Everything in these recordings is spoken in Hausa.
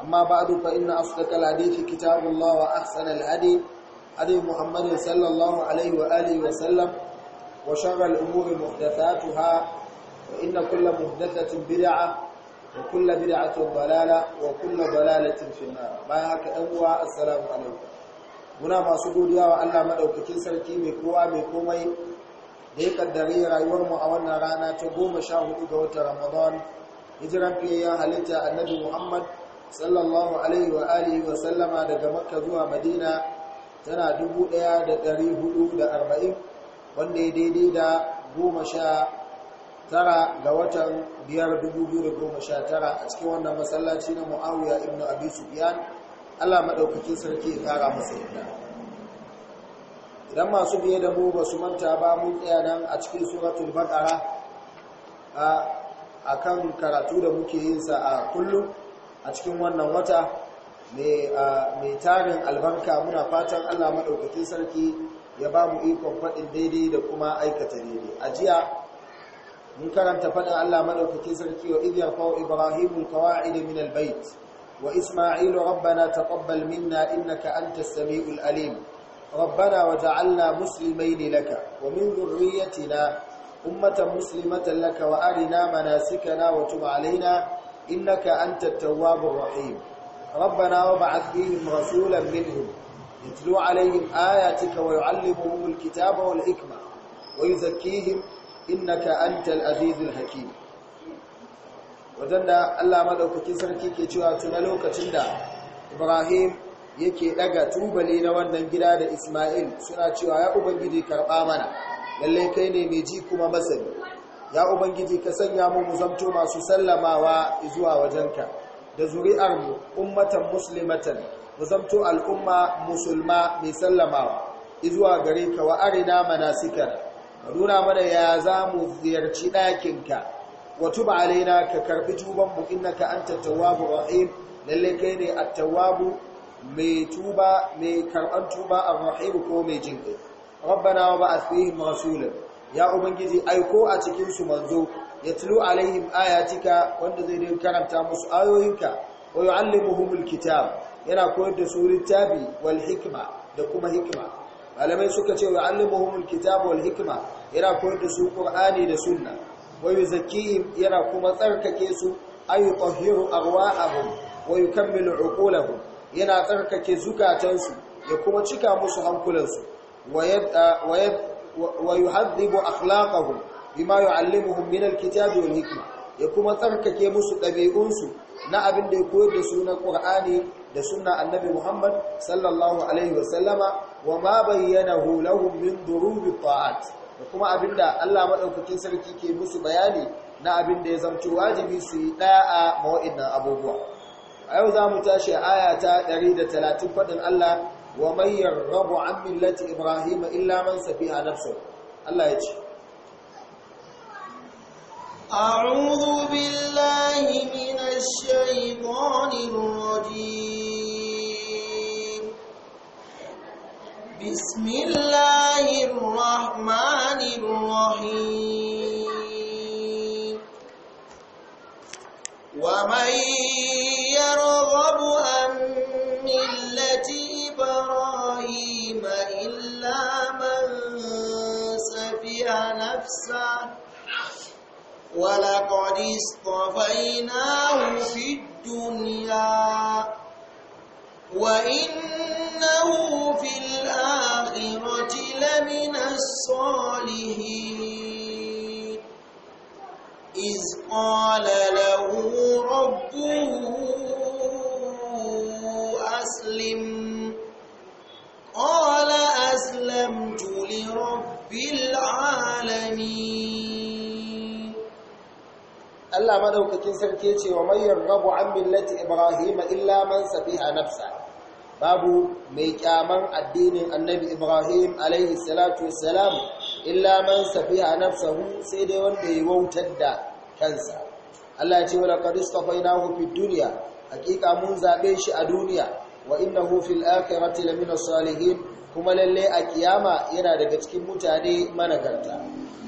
أما بعد فإن أصدق الحديث كتاب الله وأحسن الهدي هدي محمد صلى الله عليه وآله وسلم وشر الأمور محدثاتها وإن كل محدثة بدعة وكل بدعة ضلالة وكل ضلالة في النار ما هك أبوا السلام عليكم muna masu godiya wa Allah madaukakin sarki mai kowa mai komai da ya kaddare rayuwarmu a wannan rana ta goma sha hudu ga watan Ramadan hijiran fiyayyen halitta annabi Muhammad sallallahu alaihi wa alihi wa sallama daga makka zuwa madina tana 1440 wanda ya daidai da 19 ga watan 5219 a cikin wannan masallaci na muawiya ibn abi sufyan Allah madaukakin sarki ya kara masa yadda idan masu biye da mu ba su manta ba mu tsaya nan a cikin suratul baqara a kan karatu da muke yin sa a kullum a cikin wannan wata mai tarin albarka muna fatan Allah maɗaukakin sarki ya ba mu ikon faɗin daidai da kuma aikata daidai a jiya mun karanta faɗin Allah maɗaukakin sarki wa idiyar fawo Kawa kawa'ide min albayt wa isma'ilu rabbana taqabbal minna innaka anta sami'ul alim ربنا وجعلنا مسلمين لك wa ذريتنا أمة مسلمة لك وأرنا مناسكنا وتب علينا إنك أنت التواب الرحيم ربنا وبعث فيهم رسولا منهم يتلو عليهم آياتك ويعلمهم الكتاب والحكمة ويزكيهم إنك أنت العزيز الحكيم wadanda Allah madaukakin sarki ke cewa tuna lokacin da Ibrahim yake daga tubali na wannan gida da Isma'il suna cewa ya ubangiji karba mana lalle kai ne mai ji kuma masani ya ubangiji ka sanya mu mu zamto masu sallamawa zuwa wajenka da zuri'ar mu, ummatan muslimatan mu zamto al'umma musulma mai sallamawa zuwa gare ka wa arina manasikana ka nuna mana ya za mu ziyarci ɗakinka wa tuba alaina ka karɓi tubanmu innaka anta tawwabu rahim lalle kai ne at-tawwabu mai tuba mai karɓan tuba ar-rahim ko mai jinƙai rabbana wa ba'ath masu rasulan ya ubangiji aiko a cikin su manzo yatlu alaihim ayatika wanda zai dinga karanta musu ayoyinka wa yuallimuhumul kitab yana koyar da su littafi wal hikma da kuma hikma malamai suka ce wa allimuhumul kitab wal hikma yana koyar da su qur'ani da sunna wa yuzakkihim yana kuma tsarkake su ayu tahhiru arwa'ahum wa yukammilu uqulahum yana tsarkake zukatansu ya kuma cika musu hankulansu wa wa ويهذب أخلاقهم بما يعلمهم من الكتاب والحكمة يكما تركك musu ɗabi'unsu na abin da ya koyar da sunan Ƙur'ani da sunna annabi Muhammad sallallahu wa ma bayyana lahum min durubi da kuma abinda Allah maɗaukacin sarki ke musu bayani na abin da ya zamci wajibi su yi da'a ma wa'annan abubuwa a yau za mu tashi aya ta talatin faɗin Allah ومن يرغب عن ملة إبراهيم إلا من سفيها نفسه الله يجي أعوذ بالله من الشيطان الرجيم بسم الله الرحمن الرحيم ومن يرغب عن إبراهيم إلا من سفه نفسه ولقد اصطفيناه في الدنيا وإنه في الآخرة لمن الصالحين إذ قال له ربه أسلم قال أسلمت لرب العالمين الله مدوككين سركيتي ومن يرغب عن ملة إبراهيم إلا من سفيها نفسه babu mai kyaman addinin annabi Ibrahim alaihi salatu wassalam illa man safiha nafsahu sai dai wanda ya wautar da kansa Allah ya ce wala qad istafainahu fid mun zabe shi a duniya wa innahu fil akhirati lamina salihin kuma lalle a kiyama yana daga cikin mutane managarta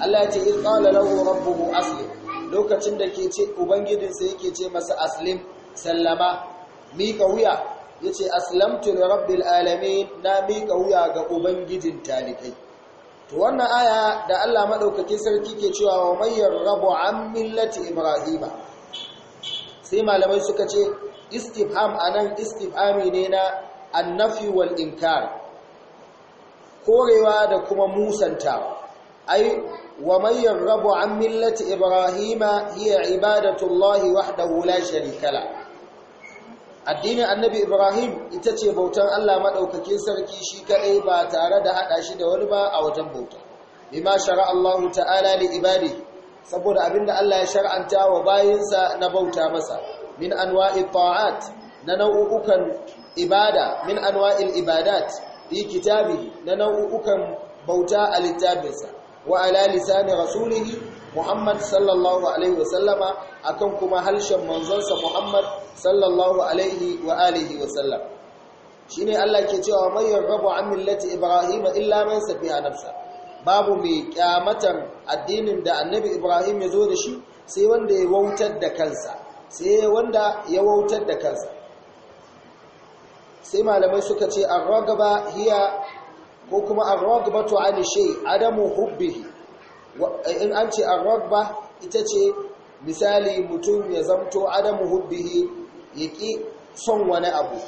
Allah ya ce in qala lahu rabbuhu aslim lokacin da ke ce ubangijinsa yake ce masa aslim sallama mika wuya yace aslamtu li rabbil alamin na mika wuya ga ubangijin talikai to wannan aya da Allah madaukakin sarki ke cewa wa mayyar rabu an millati ibrahima sai malamai suka ce istifham anan istifhami ne na annafi wal inkar korewa da kuma musanta, ai wa man yarghabu an millati ibrahima hiya ibadatullahi wahdahu la sharika la addinin annabi ibrahim ita ce bautan Allah madaukakin sarki shi kadai ba tare da hada shi da wani ba a wajen bauta bima shara Allahu ta'ala li ibadihi saboda abinda Allah ya shar'anta wa bayinsa na bauta masa min anwa'i ta'at na nau'ukan ibada min anwa'il ibadat fi kitabihi na nau'ukan bauta a littafinsa wa ala lisani rasulihi Muhammad sallallahu alaihi wa sallama akan kuma halshen manzonsa Muhammad sallallahu alaihi wa alihi wa sallam shine Allah ke cewa may yarghabu an millati ibrahim illa man safiha nafsa babu mai kyamatan addinin da annabi ibrahim ya zo da shi sai wanda ya wautar da kansa sai wanda ya wautar da kansa sai malamai suka ce ar-ragaba hiya ko kuma ar an shay adamu hubbihi in an ce ar ita ce misali mutum ya zamto adamu hubbihi yaki son wani abu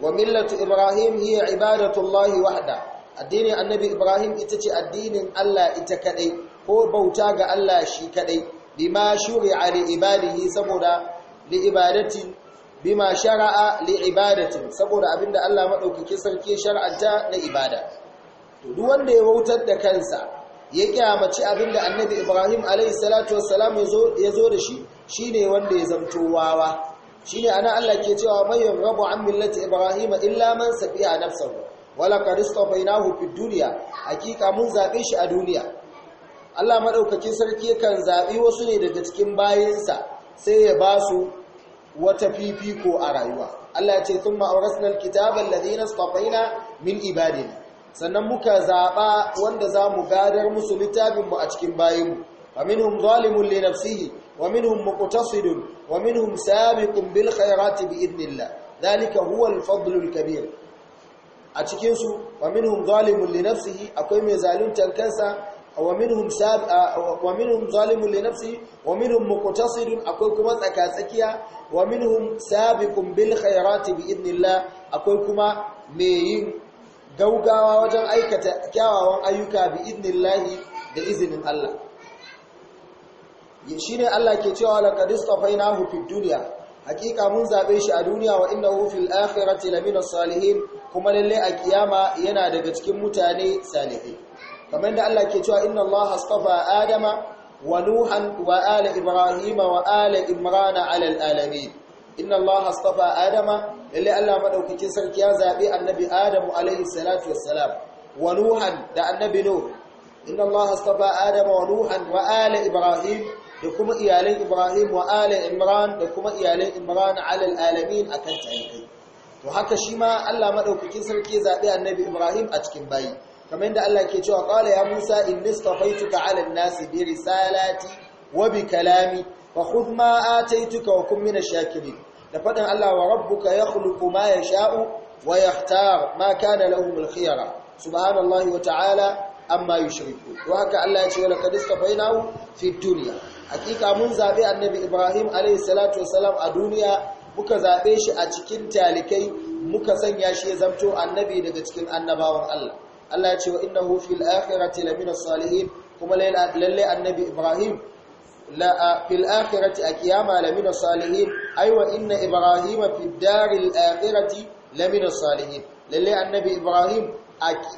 wa millatu ibrahim hiya ibadatullahi wahda addinin annabi ibrahim ita ce addinin Allah ita kadai ko bauta ga Allah shi kadai bima shuri'a li ibadihi saboda li ibadati bima shara'a li ibadati saboda abinda Allah madaukake sarki shar'anta na ibada to duk wanda ya wautar da kansa ya kyamaci abinda Annabi Ibrahim alayhi ya zo da shi shine wanda ya zamto wawa shine ana Allah ke cewa mayan rabu an millati Ibrahim illa man safiya nafsahu wala qad istafainahu fid dunya hakika mun zabe shi a duniya Allah maɗaukacin sarki kan zaɓi wasu ne daga cikin bayansa sai ya ba su wata fifiko a rayuwa Allah ya ce tun ma'auratunan kitabar ladina stafaina min ibadina sannan muka zaɓa wanda za mu gadar musu littafinmu a cikin bayanmu wa minhum zalimun li nafsihi wa minhum muqtasidun wa minhum sabiqun bil khairati bi idnillah zalika huwal Fadlul kabir a cikinsu wa minhum zalimun li nafsihi akwai mai zaluntar kansa Wa ومنهم ساب ومنهم ظالم لنفسه ومنهم مقتصد akwai kuma tsakatsakiya ومنهم سابق بالخيرات باذن الله akwai kuma yi gaugawa wajen aikata kyawawan ayyuka باذن الله da izinin Allah shine Allah ke cewa laqad istafainahu fid dunya hakika mun zabe shi a duniya wa innahu fil akhirati lamina salihin kuma lallai a ƙiyama yana daga cikin mutane salihai kamar da Allah ke cewa inna Allah astafa adama wa nuhan wa ala ibrahima wa ala imrana ala alamin inna Allah astafa adama lalle Allah madaukakin sarki ya zabi annabi adamu alaihi salatu wassalam wa nuhan da annabi nuh inna Allah astafa adama wa nuhan wa ala ibrahim da kuma iyalan ibrahim wa ala imran da kuma iyalan imran ala alamin akan tayyibi to haka shi ma Allah madaukakin sarki zabi annabi ibrahim a cikin bayi kamar da Allah ke cewa qala ya Musa inni stafaituka 'ala an-nasi bi risalati wa bi kalami fa khudh ma ataituka wa kun min shakirin da faɗin Allah wa rabbuka yakhluqu ma yasha'u wa yakhtar ma kana lahum al-khiyara subhanallahi wa ta'ala amma yushriku Wa haka Allah ya ce wa laqad istafainahu fi dunya hakika mun zabe annabi Ibrahim alayhi salatu wasalam a duniya muka zabe shi a cikin talikai muka sanya shi ya zamto annabi daga cikin annabawan Allah Allah ya ce wa innahu fil akhirati lamina salihin kuma lalle annabi Ibrahim la fil akhirati akiyama lamina salihin aiwa inna Ibrahima fid daril akhirati lamina salihin lalle annabi Ibrahim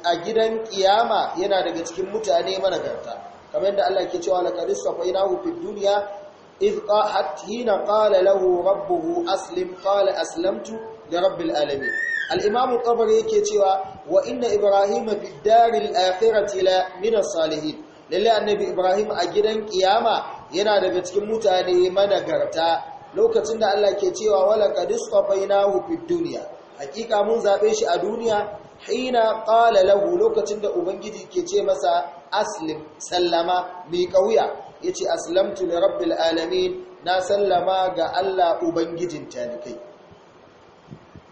a gidan kiyama yana daga cikin mutane managarta kamar yadda Allah ke cewa laqad safainahu fid dunya إذ حين قال له ربه aslamtu قال أسلمت لرب العالمين al-imamu yake cewa wa inna ibrahim fi daril akhirati la min salihin lalle annabi ibrahim a gidan kiyama yana daga cikin mutane managarta lokacin da Allah ke cewa wala ka qad na fid duniya. hakika mun zaɓe shi a duniya hina ƙala lahu lokacin da ubangiji ke ce masa aslim sallama ƙauya kauya yace aslamtu na rabbil al’alamin na sallama ga Allah ubangijin talikai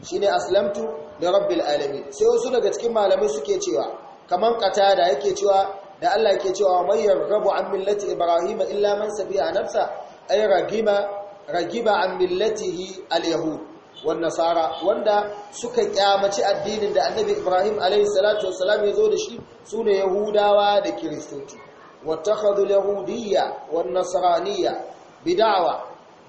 shine aslamtu da rabbil alamin sai wasu daga cikin malamai suke cewa kaman qatada yake cewa da Allah yake cewa may yarghabu an millati Ibrahim illa man sabi'a nafsa ay ragima ragiba an millatihi alyahud wan nasara wanda suka kyamaci addinin da annabi ibrahim alayhi salatu wassalam ya zo da shi sune yahudawa da kiristoci Wata اليهودية والنصرانية بدعوة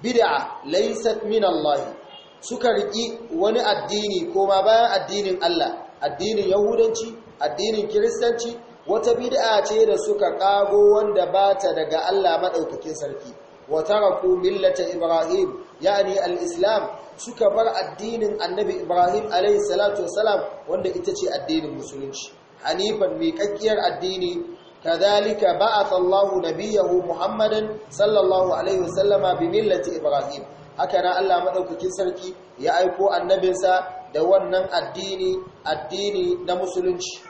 bid'a ليست من الله suka riki wani addini ko ma bayan addinin Allah addinin yahudanci addinin kiristanci wata bid'a ce da suka kago wanda bata daga Allah madaukakin sarki wa taraku millata ibrahim yani al-islam suka bar addinin annabi ibrahim alayhi salatu wasalam wanda ita ce addinin musulunci hanifan mai kakkiyar addini كذلك بعث الله نبيه محمدا صلى الله عليه وسلم بملة إبراهيم haka na Allah madaukakin sarki ya aiko annabinsa da wannan addini addini na musulunci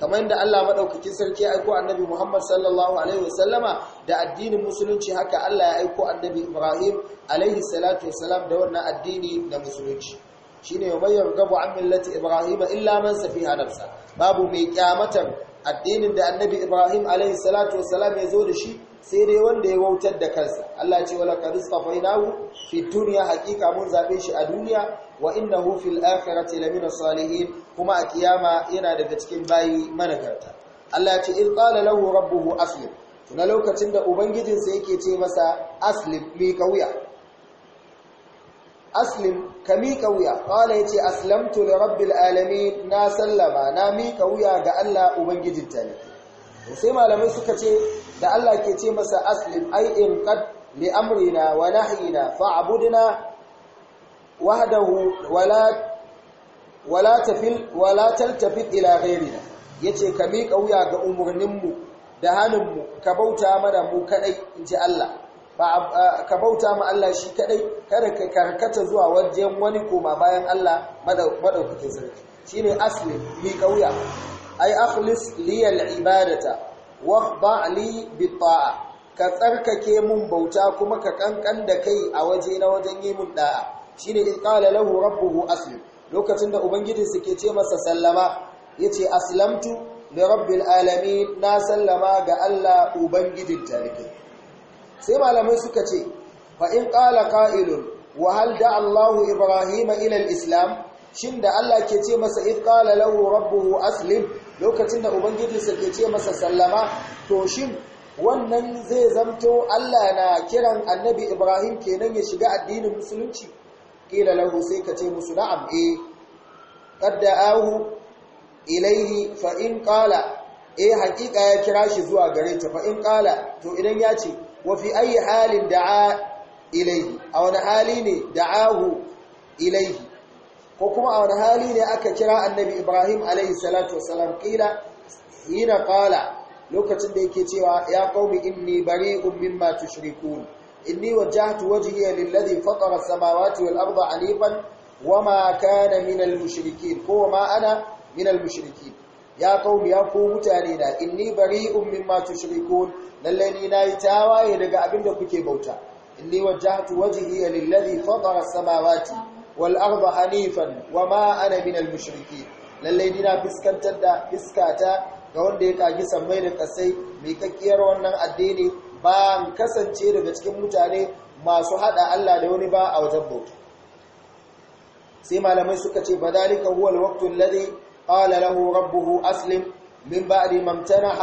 kamar yadda Allah madaukakin sarki ya aiko annabi Muhammad sallallahu alaihi wasallama da addinin musulunci haka Allah ya aiko annabi Ibrahim alaihi salatu wasalam da wannan addini na musulunci shine yubayyar gabu an millati Ibrahim illa man safiha nafsa babu mai kyamatar addinin da annabi Ibrahim alaihi salatu wasalam ya zo da shi sai dai wanda ya wautar da kansa Allah ce wala qad istafainahu fi dunya hakika mun zabe shi a duniya wa innahu fil akhirati lamina salihin kuma a kiyama yana daga cikin bayi managarta Allah ce in qala lahu rabbuhu aslim tuna lokacin da ubangijinsa yake ce masa aslim mi kauya aslim ka mi qala yace aslamtu li rabbil alamin na sallama na mi wuya ga Allah ubangijin ne. sai malamai suka ce da Allah ke ce masa aslim ai in qad li amrina wa nahyina fa'budna wahdahu wala wala tafil wala taltafi ila ghayrina yace ka miƙa wuya ga umurninmu da hannunmu ka bauta mana mu kadai inji Allah ka bauta ma Allah shi kadai kada ka karkata zuwa wajen wani koma bayan Allah madaukakin sarki shine aslim miƙa wuya ai akhlis li al-ibadata wakhda li bita'a ka tsarkake mun bauta kuma ka kankan da kai a waje na wajen yi mun da'a shine in qala lahu rabbuhu aslim lokacin da ubangijinsa ke ce masa sallama yace aslamtu da rabbil alamin na sallama ga Allah ubangijin tarihi sai malamai suka ce fa in qala qa'ilun wa hal da Allahu Ibrahim ila al-islam shin da Allah ke ce masa in qala lahu rabbuhu aslim lokacin da ubangiji ke ce masa sallama to shin wannan zai zamto Allah na kiran annabi Ibrahim kenan ya shiga addinin musulunci kila lahu sai ka ce musu na'am eh qadda'ahu ilaihi fa in qala eh hakika ya kira shi zuwa gare ta fa in qala to idan ya ce wa fi ayi halin da'a ilaihi a wani hali ne da'ahu ilaihi ko kuma a wani hali ne aka kira annabi ibrahim alaihi salatu wasalam kila hina qala lokacin da yake cewa ya qaumi inni bari'un mimma tushrikun inni wajjahtu wajhiya lilladhi fatara as-samawati wal arda hanifan wama kana minal mushrikin ko ma ana minal mushrikin ya qaumi ya ku mutane da inni bari'un mimma tushrikun lalle ni nayi tawaye daga abinda kuke bauta inni wajjahtu wajhiya lilladhi fatara as-samawati wal arda hanifan wa ma ana min al lallai dina fuskantar da iskata ga wanda ya kagi sammai da kasai mai kakkiyar wannan addini ba kasance daga cikin mutane masu hada Allah da wani ba a wajen bauta sai malamai suka ce ba dalika huwa alwaqtu alladhi qala lahu rabbuhu aslim min ba'di mamtana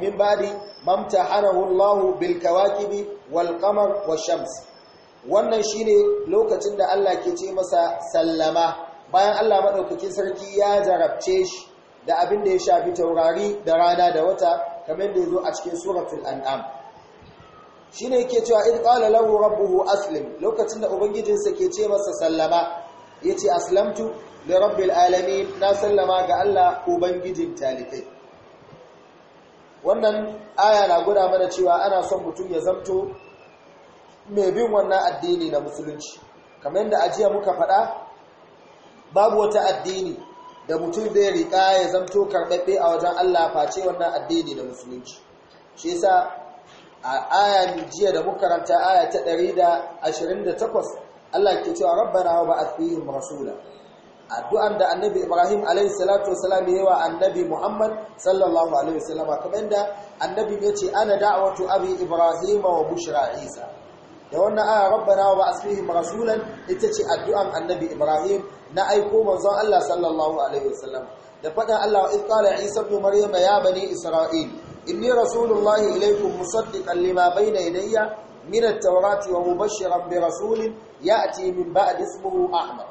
min ba'di mamtahanahu Allah bil kawakibi wal qamar wash shams wannan shine lokacin da Allah ke ce masa sallama bayan Allah maɗaukakin sarki ya jarabce shi da abin da ya shafi taurari da rana da wata kamar da ya zo a cikin suratul an'am shine yake cewa id qala lahu rabbuhu aslim lokacin da ubangijinsa ke ce masa sallama yace aslamtu li rabbil alamin na sallama ga Allah ubangijin talikai wannan aya na guda mana cewa ana son mutum ya zamto mai bin wannan addini na musulunci kamar yadda ajiya muka faɗa babu wata addini da mutum zai riƙa ya zamto karɓaɓɓe a wajen Allah face wannan addini na musulunci shi yasa a aya jiya da muka karanta aya ta 128 Allah ke cewa rabbana wa ba'ath fihim rasula addu'an da annabi Ibrahim alayhi salatu wasalam wa annabi Muhammad sallallahu alaihi wasallam kamar da annabi ya ce ana da'watu abi Ibrahim wa bushra Isa da wannan aya rabbana wa ba'athihim rasulan ita ce addu'an annabi ibrahim na aiko manzon Allah sallallahu alaihi wasallam da fadan Allah in qala isa ibn maryama ya bani isra'il inni rasulullahi ilaykum musaddiqan lima bayna yadayya min at-taurati wa mubashshiran bi rasulin ya'ti min ba'di ismihi ahmad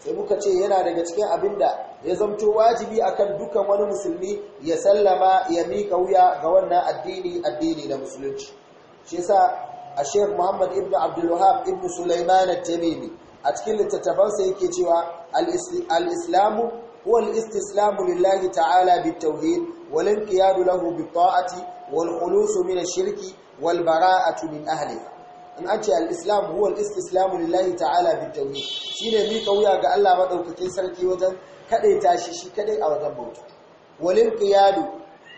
sai muka ce yana daga cikin abinda ya zamto wajibi akan duka wani musulmi ya sallama ya mika wuya ga wannan addini addini na musulunci shi yasa a sheikh muhammad ibn abdulwahab ibn sulaiman at-tamimi a cikin littattafansa yake cewa al-islamu huwa al-istislamu lillahi ta'ala bit-tauhid wal inqiyadu lahu bit-ta'ati wal khulusu min ash-shirki wal bara'atu min ahliha in an ce al-islam huwa al-istislamu lillahi ta'ala bit-tauhid shine mi kauya ga Allah madaukakin sarki wajen kadaita shi shi kadai a wajen bauta wal inqiyadu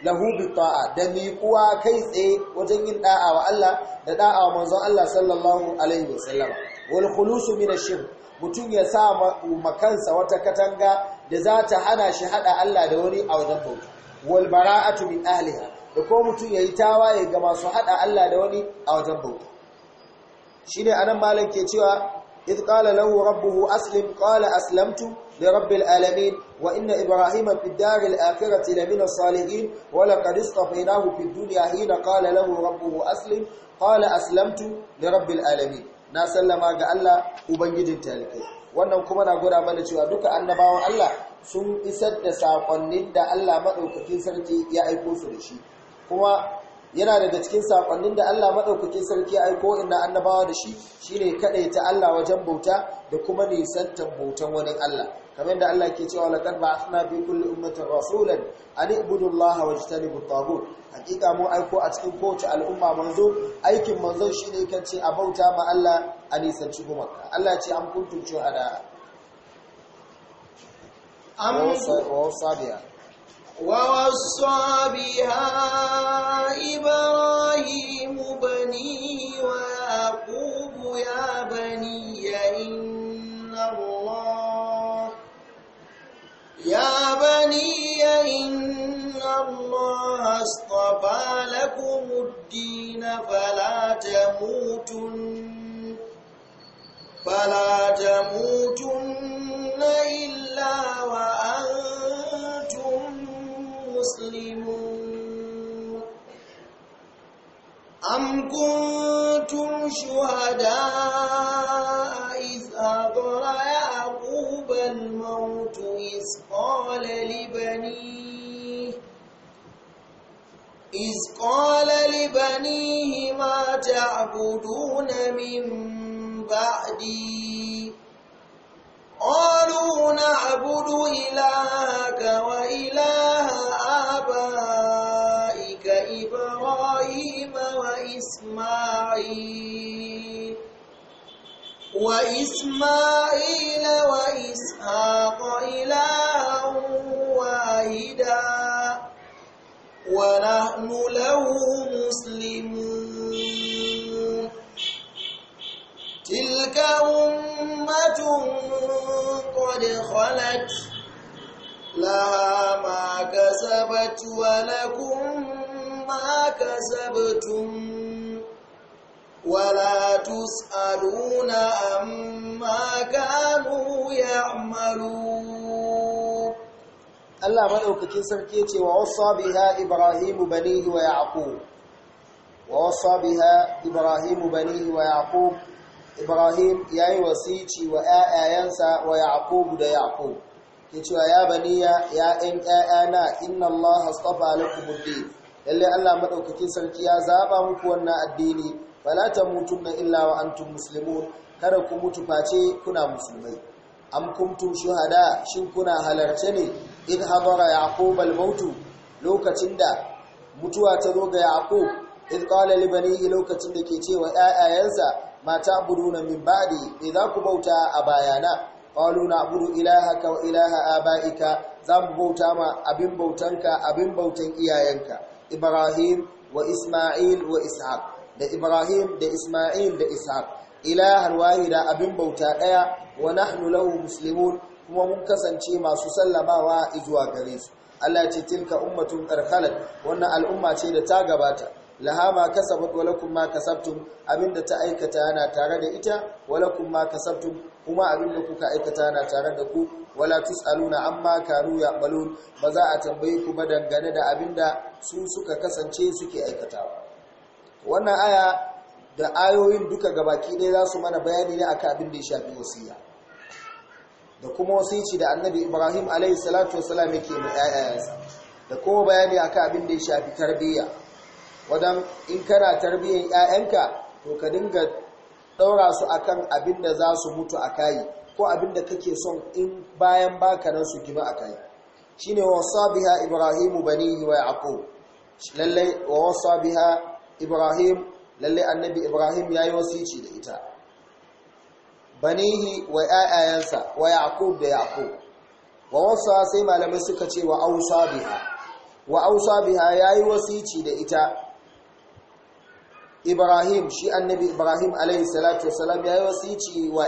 lahu bi ta'a da miƙuwa kai tsaye wajen yin da'a wa Allah da da'a wa manzon Allah sallallahu alaihi wasallam wal khulusu min ash-shirk mutum ya sa makansa wata katanga da za ta hana shi hada Allah da wani a wajen bauta wal bara'atu min ahliha da ko mutum yayi ya ga masu hada Allah da wani a wajen bauta shine anan malam ke cewa idh qala lahu rabbuhu aslim qala aslamtu برب العالمين وإن إبراهيم في الدار الآخرة لمن الصالحين ولقد استفيناه في الدنيا هنا قال له ربه أسلم قال أسلمت لرب العالمين na sallama ga Allah تلك talikai wannan kuma na gwada mana cewa duka annabawan Allah sun isar da saƙonnin da Allah maɗaukakin sarki ya aiko su da shi kuma yana daga cikin saƙonnin da Allah maɗaukakin sarki ya aiko inda annabawa da shi shine ta Allah wajen bauta da kuma nisan bautan wani Allah kamar da Allah ke cewa laqad ba'athna fi kulli ummatin rasulan an ibudu Allah wa jtanibu tagut hakika mun aiko a cikin kowace al'umma manzo aikin manzo shine kan ce a bauta ma Allah a nisanci gumaka Allah ce an kuntum shuhada am wasabiya ووصى بها إبراهيم بنيه ويعقوب يا بني إن يا بني إن الله اصطفى لكم الدين فلا تموتن فلا تموتن إلا وأنتم مسلمون أم كنتم شهداء إذ قال لبنيه ما تعبدون من بعدي قالوا نعبد إلهك وإله آبائك إبراهيم وإسماعيل وإسماعيل وإسحاق إلها واحدا ونحن له مسلمون تلك أمة قد خلت لها ما كسبت ولكم ما كسبتم ولا تسألون عما كانوا يعملون Allah madaukakin sarki ce wa wasa biha banihi wa yaqub wa wasa biha ibrahimu banihi wa yaqub ibrahim yayi wasici wa ayayansa wa yaqub da yaqub yace ya baniya ya ɗan 'ya'yana, inna Allah astafa lakum ad-din lalle Allah madaukakin sarki ya zaba muku wannan addini fala tamutunna illa wa antum muslimun kada ku mutu face kuna musulmai am kuntum shuhada shin kuna halarce ne in habara yaqub al-mautu lokacin da mutuwa ta zo ga yaqub in qala li banihi lokacin da ke cewa ayayansa mata abuduna min ba'di me za ku bauta a bayana qalu na'budu ilahaka wa ilaha abaika za mu bauta ma abin bautanka abin bautan iyayenka ibrahim wa isma'il wa ishaq da ibrahim da isma'il da ishaq ilahan wahida abin bauta ɗaya wa nahnu lahu muslimun kuma mun kasance masu sallamawa a izuwa gare su Allah ce tilka ummatun qarqalat wannan al'umma ce da ta gabata lahama kasabat walakum ma kasabtum abinda ta aikata yana tare da ita walakum ma kasabtum kuma abinda kuka aikata yana tare da ku wala tusaluna amma kanu balun ba za a tambaye ku ba dangane da abinda su suka kasance suke aikatawa wannan aya da ayoyin duka gabaki ɗaya za su mana bayani ne akan abin da ya shafi wasiya da kuma wasici da annabi ibrahim alaihi salatu wasalam yake mai yayayansa da kuma bayani akan abin da ya shafi tarbiyya wadan in kana tarbiyyar yayanka to ka dinga daura su akan abin da za su mutu a kayi ko abin da kake son in bayan baka nan su gima a kayi shine wasa biha ibrahim banihi wa yaqub lalle wasa biha ibrahim lalle annabi ibrahim yayi wasici da ita banihi wa ƴaƴayansa wa yaqub da yaqub wa wasa sai malamai suka ce wa ausa biha wa ausa biha yayi wasici da ita ibrahim shi annabi ibrahim alayhi salatu wasalam yayi wasici wa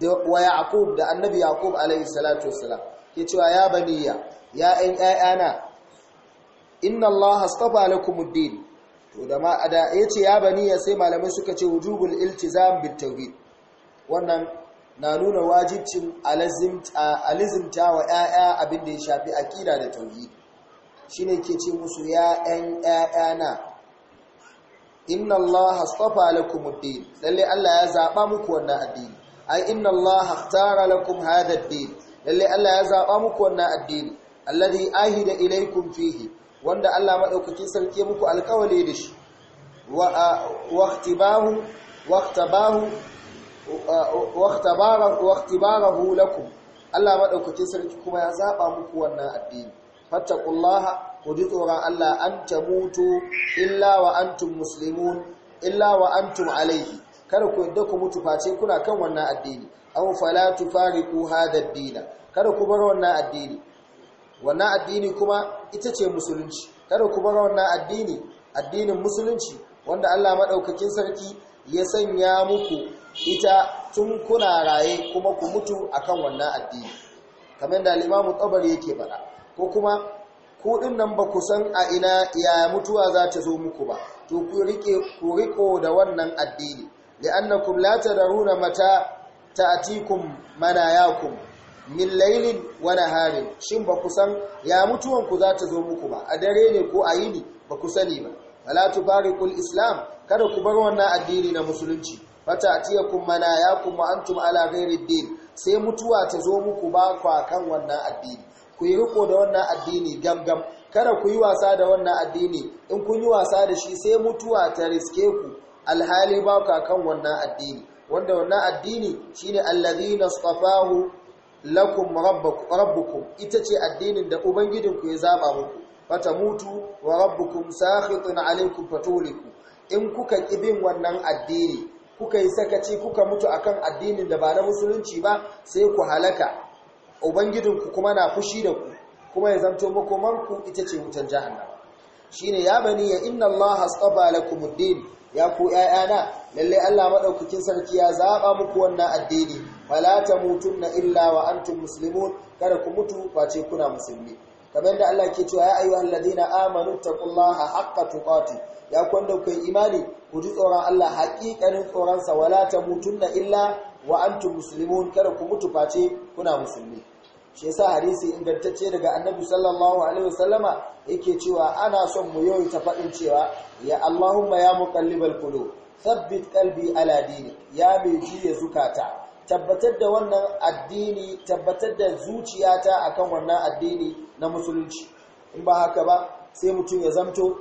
da wa yaqub da annabi yaqub alayhi salatu wasalam ke cewa ya baniya ya ƴan ƴaƴana inna allaha astafa lakumuddin to da ma ada yace ya baniya sai malamai suka ce wujubul iltizam bit tawhid wannan na nuna wajibcin alizimta wa 'ya'ya abin da ya shafi aƙida da tauhidi shine ke ce musu ya'yan na? inna Allah haskofa lakum ad-din lalle Allah ya zaba muku wannan addini ai inna Allah ikhtara lakum hadha din lalle Allah ya zaba muku wannan addini alladhi ahida ilaykum fihi wanda Allah maɗaukaki sarki muku alkawali da shi wa waqtibahu واختباره لكم Allah madaukakin sarki kuma ya zaba muku wannan addini fattaqullaha ku ji tsoron Allah an mutu illa wa antum muslimun illa wa antum alayhi kada ku yadda ku mutu face kuna kan wannan addini aw fala tufariqu hadha ad kada ku bar wannan addini wannan addini kuma ita ce musulunci kada ku bar wannan addini addinin musulunci wanda Allah madaukakin sarki ya sanya muku ita tun kuna raye kuma ku mutu akan wannan addini kamar da limamu tsabar yake faɗa ko kuma kuɗin nan ba ku san a ina ya mutuwa za ta zo muku ba to ku rike ku riko da wannan addini kum la runa mata ta'tikum manayakum min laylin wa naharin shin ba ku san ya mutuwan ku za ta zo muku ba a dare ne ko a yini ba ku sani ba fala tufariqul islam kada ku bar wannan addini na musulunci fata atiyakum manayakum wa antum ala ghairi din sai mutuwa ta zo muku ba kwa kan wannan addini ku yi riko da wannan addini gamgam kada ku yi wasa da wannan addini in kun yi wasa da shi sai mutuwa ta riske ku alhali ba kwa kan wannan addini wanda wannan addini shine alladhina istafahu lakum rabbukum ita ce addinin da ubangijinku ya zaba muku fata mutu wa rabbukum sakhitun alaykum fatulikum in kuka ƙibin wannan addini kuka yi sakaci kuka mutu akan addinin da ba na musulunci ba sai ku halaka ku kuma na fushi da ku kuma ya zanto makomanku ita ce wutan jahannama shine ya bani ya inna allaha astafa lakumuddin ya ku 'ya'yana? lalle Allah madaukakin sarki ya zaba muku wannan addini fala tamutunna illa wa antum muslimun kada ku mutu ce kuna musulmi kamar da Allah ke cewa ya ayyuhal na amanu taqullaha haqqa tuqati ya kwanda kai imani ku ji tsoron Allah haƙiƙanin tsoron sa wala mutunna illa wa antum muslimun kada ku mutu face kuna musulmi shi yasa hadisi ingantacce daga annabi sallallahu alaihi wasallama yake cewa ana son mu yoyi ta fadin cewa ya Allahumma ya muqallibal qulub thabbit qalbi ala dini ya mai ya zukata tabbatar da wannan addini tabbatar da zuciyata a kan wannan addini na musulunci in ba haka ba sai mutum ya zamto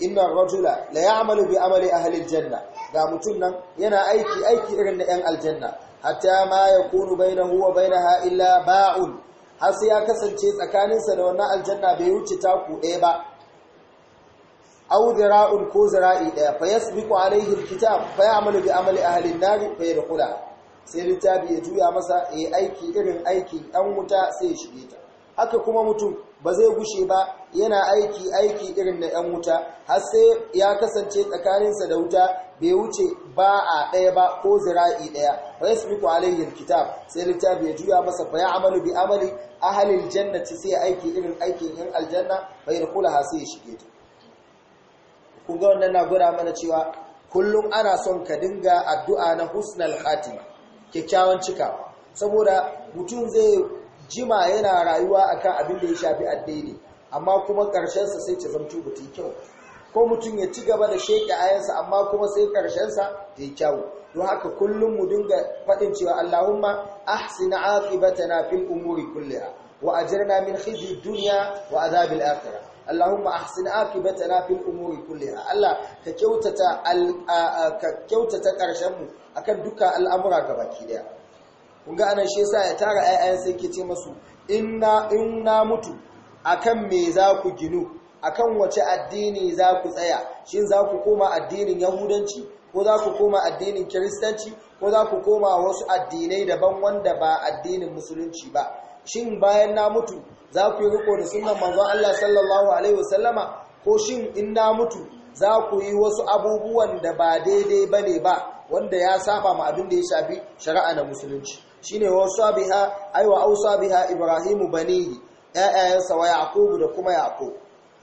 inna rajula la ya'malu bi amali ahli aljanna ga mutum nan yana aiki aiki irin na yan aljanna hatta ma yakunu bainahu wa bainaha illa ba'un har sai ya kasance tsakaninsa da wannan aljanna bai wuce taku ɗaya ba aw zira'un ko zira'i ɗaya fa yasbiqu alayhi alkitab fa ya'malu bi amali ahli an-nar fa kula sai littafi ya juya masa ya yi aiki irin aiki ɗan wuta sai ya shige ta haka kuma mutum ba zai gushe ba yana aiki aiki irin na ɗan wuta har sai ya kasance tsakaninsa da wuta bai wuce ba a ɗaya ba ko zira'i ɗaya fa yasbiqu alayhi kitab sai littafi ya juya masa fa amalu bi amali halin jannati sai aiki irin aikin yan aljanna bai da kula sai ya shige ta kun ga wannan na gwada mana cewa kullum ana son ka dinga addu'a na husnal khatima kyakkyawan cika saboda mutum zai jima yana rayuwa akan abin da ya shafi addini amma kuma ƙarshensa sai ta zamto ba ta yi kyau ko mutum ya ci gaba da sheƙe ayansa amma kuma sai ƙarshensa ta yi kyau don haka kullum mu dinga faɗin cewa Allahumma ahsina aqibatana fil umuri kulliha wa ajirna min khizyi duniya, wa adhabil akhirah Allahumma ahsin aqibatana fil umuri A Allah ka kyautata ka karshen mu akan duka al'amura gabaki daya kun ga anan shi yasa ya tara ayyan sai ke ce masu inna inna mutu akan me za ku ginu akan wace addini za ku tsaya shin za ku koma addinin yahudanci ko za ku koma addinin kiristanci ko za ku koma wasu addinai daban wanda ba addinin musulunci ba shin bayan na mutu za ku yi riko da sunan manzon Allah sallallahu alaihi wasallama ko shin in na mutu za ku yi wasu abubuwan da ba daidai bane ba wanda ya saba ma abin da ya shafi shari'a na musulunci shine wasa biha aiwa ausa biha ibrahimu banihi ya'ayansa wa yaqubu da kuma yaqub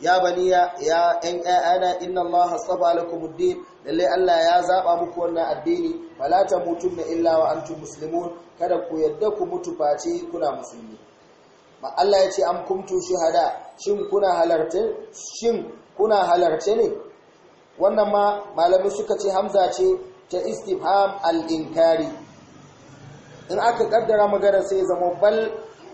ya bani ya ɗan ƴaƴana inna allaha saba lakum ad-din lalle Allah ya zaba muku wannan addini fala tamutunna illa wa antum muslimun kada ku yadda ku mutu face kuna musulmi ba Allah ya ce an kuntu shuhada shin kuna halarce shin kuna ne wannan ma malamai suka ce hamza ce ta istifham al-inkari in aka kaddara magana sai zama bal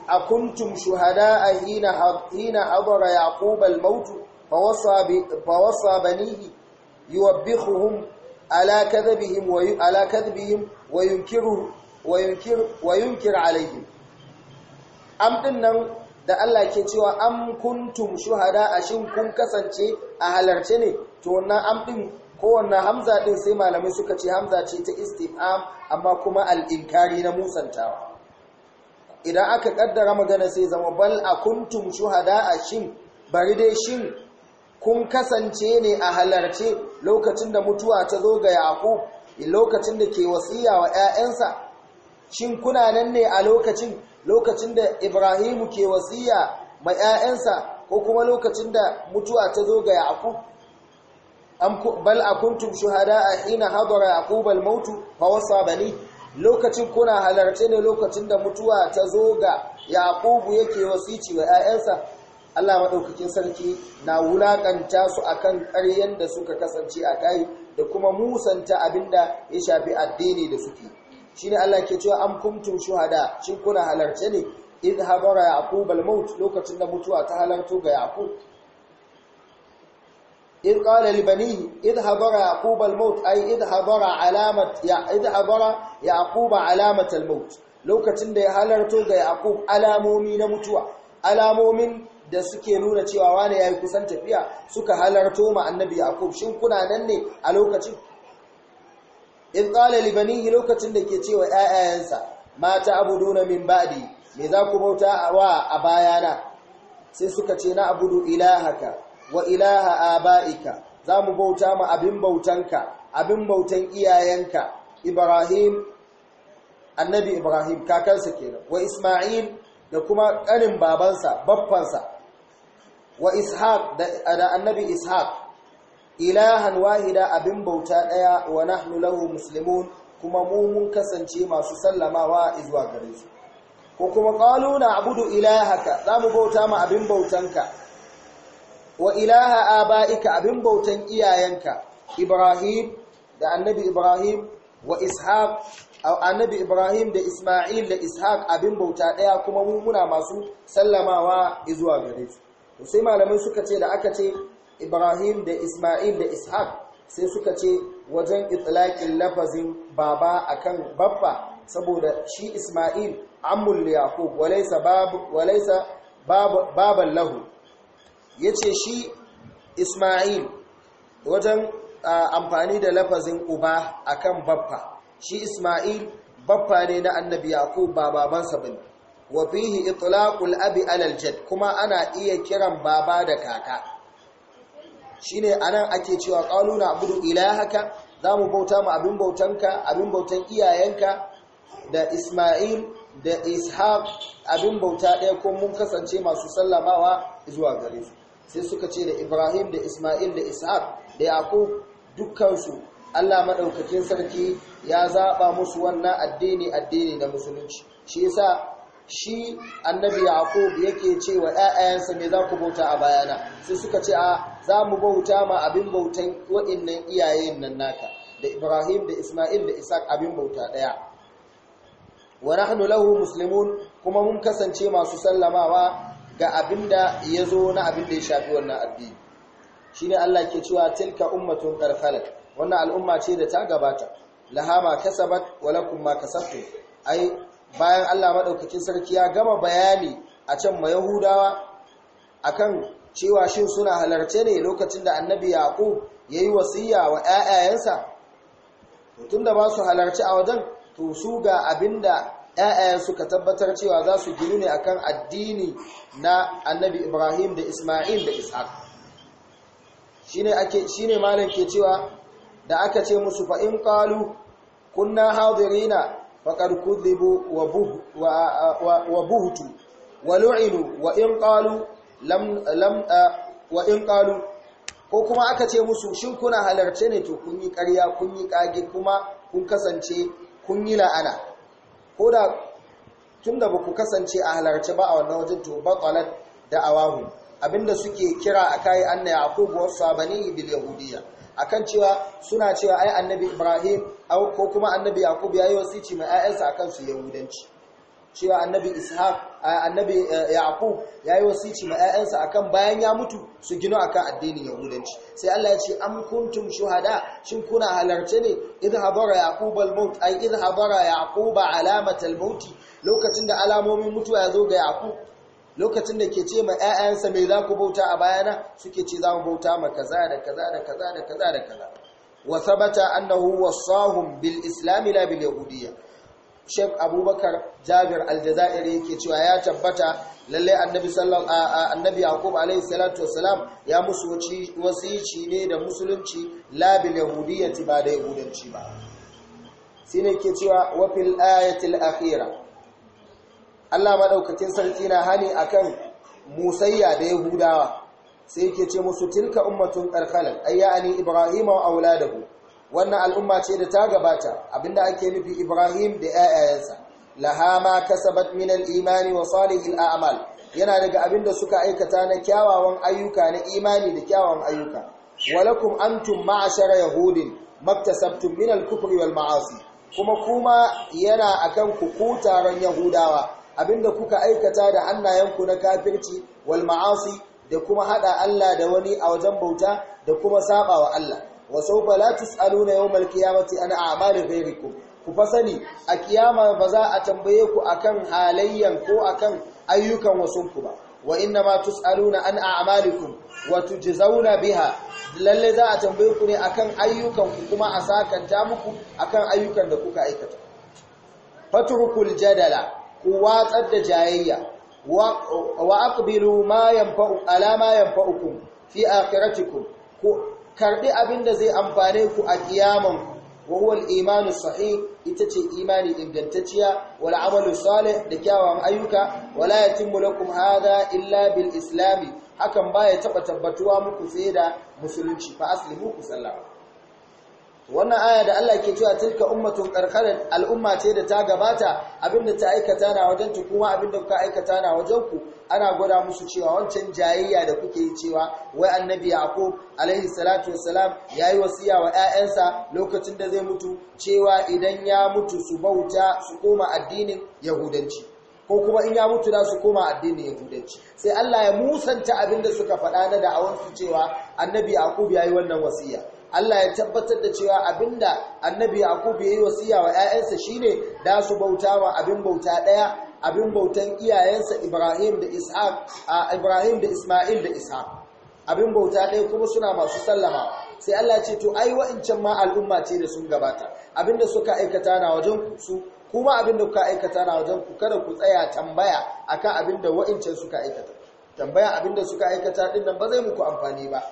akuntum shuhada ahina hina hadara yaqub al-maut fawasa fawasa banihi yuwabbihuhum ala kadhibihim wa ala kadhibihim wa yunkiru wa yunkir wa yunkir alayhim am din nan da Allah ke cewa am kuntum shuhada ashin kun kasance a halarce ne to wannan am din kowanne hamza din sai malamai suka ce hamza ce ta istifam amma kuma al-inkari na musantawa idan aka kaddara magana sai zama bal akuntum shuhada shin, bari dai shin kun kasance ne a halarce lokacin da mutuwa ta zo ga yaqub lokacin da ke wasiya wa 'ya'yansa shin kuna nan ne a lokacin lokacin da ibrahimu ke wasiya ma 'ya'yansa ko kuma lokacin da mutuwa ta zo ga yaqub bal akuntum a ina hadara yaqub al mautu fa wasa ne? lokacin kuna halarce ne lokacin da mutuwa ta zo ga yaƙubu yake wasici wa 'ya'yansa Allah maɗaukakin sarki na wulaƙanta su akan ƙaryen da suka kasance a kai da kuma musanta abinda ya shafi addini da suke shine Allah ke cewa am kuntum shuhada shin kuna halarce ne idh habara yaqub al-maut lokacin da mutuwa ta halarto ga yaqub idh qala li banihi idh habara yaqub al-maut ay idh habara alamat ya idh habara yaqub alamat al lokacin da ya halarto ga yaqub alamomi na mutuwa alamomin da suke nuna cewa wane yayi kusan tafiya suka halarto ma annabi yaqub shin kuna nan ne a lokacin in qala li banihi lokacin da ke cewa ƴaƴayansa mata abuduna min ba'di me za ku bauta wa a bayana sai suka ce na abudu ilahaka wa ilaha abaika za mu bauta ma abin bautanka abin bautan iyayenka ibrahim annabi ibrahim kakansa kenan wa isma'il da kuma ƙanin babansa baffansa wa ishaq da annabi ishaq ilahan wahida abin bauta daya wa nahnu lahu muslimun kuma mu mun kasance masu sallamawa zuwa gare su ko kuma qalu na'budu ilahaka zamu bauta ma abin bautanka wa ilaha abaika abin bautan iyayenka ibrahim da annabi ibrahim wa ishaq annabi ibrahim da isma'il da ishaq abin bauta daya kuma mu muna masu sallamawa zuwa gare su sai malamai suka ce da aka ce ibrahim da isma'il da ishaq sai suka ce wajen itlaƙin lafazin baba akan babba saboda shi isma'il amul yaqub walaysa babu walaysa baban lahu yace shi isma'il wajen amfani da lafazin uba akan babba shi isma'il babba ne na annabi yaqub ba babansa bane wa fihi itlaqul abi alal jad kuma ana iya kiran baba da kaka shine anan ake cewa qaluna abudu ilahaka zamu bauta ma abin bautanka abin bautan iyayenka da Isma'il da Ishaq abin bauta ɗaya ko mun kasance masu sallamawa zuwa gare su sai suka ce da Ibrahim da Isma'il da Ishaq da Yaqub dukkansu Allah madaukakin sarki ya zaba musu wannan addini addini na musulunci shi yasa shi annabi yaqub yake cewa 'ya'yansa me za ku bauta a bayana sai suka ce a za mu bauta ma abin bautan waɗannan iyayen nan naka da ibrahim da isma'il da isaac abin bauta ɗaya wa nahnu lahu muslimun kuma mun kasance masu sallamawa ga abinda zo na abin da ya shafi wannan addini shine Allah ke cewa tilka ummatun qad wannan al'umma ce da ta gabata laha ma kasabat wa lakum ma kasabtum ai bayan Allah maɗaukakin sarki ya gama bayani a can ma Yahudawa kan cewa shin suna halarce ne lokacin da annabi ya yi wasiya wa yayayansa to da ba su halarci a wajen to su ga abin da ƴaƴayen suka tabbatar cewa za su gini ne kan addini na annabi Ibrahim da Isma'il da Ishaq shine ake malam ke cewa da aka ce musu fain kalu kunna hadirina faqad kudhibu wa buhtu wa lu'inu wa in qalu lam lam wa in qalu ko kuma aka ce musu shin kuna halarce ne to kun yi ƙarya kun yi kage kuma kun kasance kun yi la'ana ko da tunda ba ku kasance a halarce ba a wannan wajen to batalat da awahu abinda suke kira akai anna yaqub wa sabani bil yahudiyya akan cewa suna cewa ai annabi Ibrahim ko kuma annabi Yaqub yayi wasici mai ayyansa akan su yahudanci cewa annabi Ishaq annabi eh, Yaqub yayi wasici mai ayyansa akan bayan ya mutu su gino akan addinin yahudanci sai Allah ya ce am kuntum shuhada shin kuna halarce ne idh hadara Yaqub al-maut ai idh hadara Yaqub alamat al-maut lokacin da alamomin mutuwa ya zo ga Yaqub lokacin da ke ce ma 'ya'yansa mai za ku bauta a bayana suke ce za mu bauta ma kaza da kaza da kaza da kaza da kaza wa sabata annahu wasahum bil islam la bil yahudiyya Sheikh Abubakar Jabir Aljazairi yake cewa ya tabbata lalle Annabi sallallahu Yaqub alaihi salatu wasalam ya musu wasici ne da musulunci la bil yahudiyyati ba da yahudanci ba sai yake cewa wa fil ayati al akhirah Allah maɗaukacin sarki na hani kan musayya da yahudawa sai yake ce musu tilka ummatun qarqalan ayyani ibrahima wa auladahu wannan al'umma ce da ta gabata abinda ake nufi ibrahim da 'ya'yansa Lahama, kasabat min al-imani wa salihil a'mal yana daga abinda suka aikata na kyawawan ayyuka na imani da kyawawan ayyuka walakum antum ma'ashara yahudin maktasabtum min al-kufri wal ma'asi kuma kuma yana akan ku kutaren yahudawa abinda kuka aikata da hannayenku na kafirci wal ma'asi da kuma hada Allah da wani a wajen bauta da kuma saba wa Allah wa sawfa la tusaluna yawmal qiyamati an a'mali ghayrikum ku fasani a kiyama ba za a tambaye ku akan halayyan ko akan ayyukan wasunku ba wa inna ma tusaluna an a'malikum wa tujzauna biha lalle za a tambaye ku ne akan ayyukan ku kuma a sakanta muku akan ayyukan da kuka aikata fatrukul jadala ku watsar da jayayya wa aqbilu ma yanfa'u ala ma yanfa'ukum fi akhiratikum ku karbi abinda zai amfane ku a kiyaman wa huwa al-imanu sahih ita ce imani ingantacciya wal amalu salih da kyawawan ayyuka wala yatimmu lakum hadha illa bil islami hakan baya taba tabbatuwa muku sai da musulunci fa aslimu ku sallama wannan aya da Allah ke cewa tilka ummatun karkarar al'umma ce da ta gabata abinda ta aikata na wajen ku kuma abinda kuka aikata na wajen ku ana gwada musu cewa wancan jayayya da kuke yi cewa wai annabi yaqub alaihi salatu wassalam yayi wasiya wa ƴaƴansa lokacin da zai mutu cewa idan ya mutu su bauta su koma addinin yahudanci ko kuma in ya mutu da su koma addinin yahudanci sai Allah ya musanta abinda suka faɗa na da da'awansu cewa annabi yaqub yayi wannan wasiya Allah ya tabbatar da cewa abinda annabi Yaqub yayi wasiya wa ƴaƴansa shine da su bautawa abin bauta daya abin bautan iyayensa Ibrahim da Ishaq Ibrahim da Isma'il da Ishaq abin bauta daya kuma suna masu sallama sai Allah ce to ai wa'incan ma al'umma ce da sun gabata abinda suka aikata na wajen su kuma abinda kuka aikata na wajen ku kada ku tsaya tambaya akan abinda wa'incan suka aikata tambaya abinda suka aikata din ba zai muku amfani ba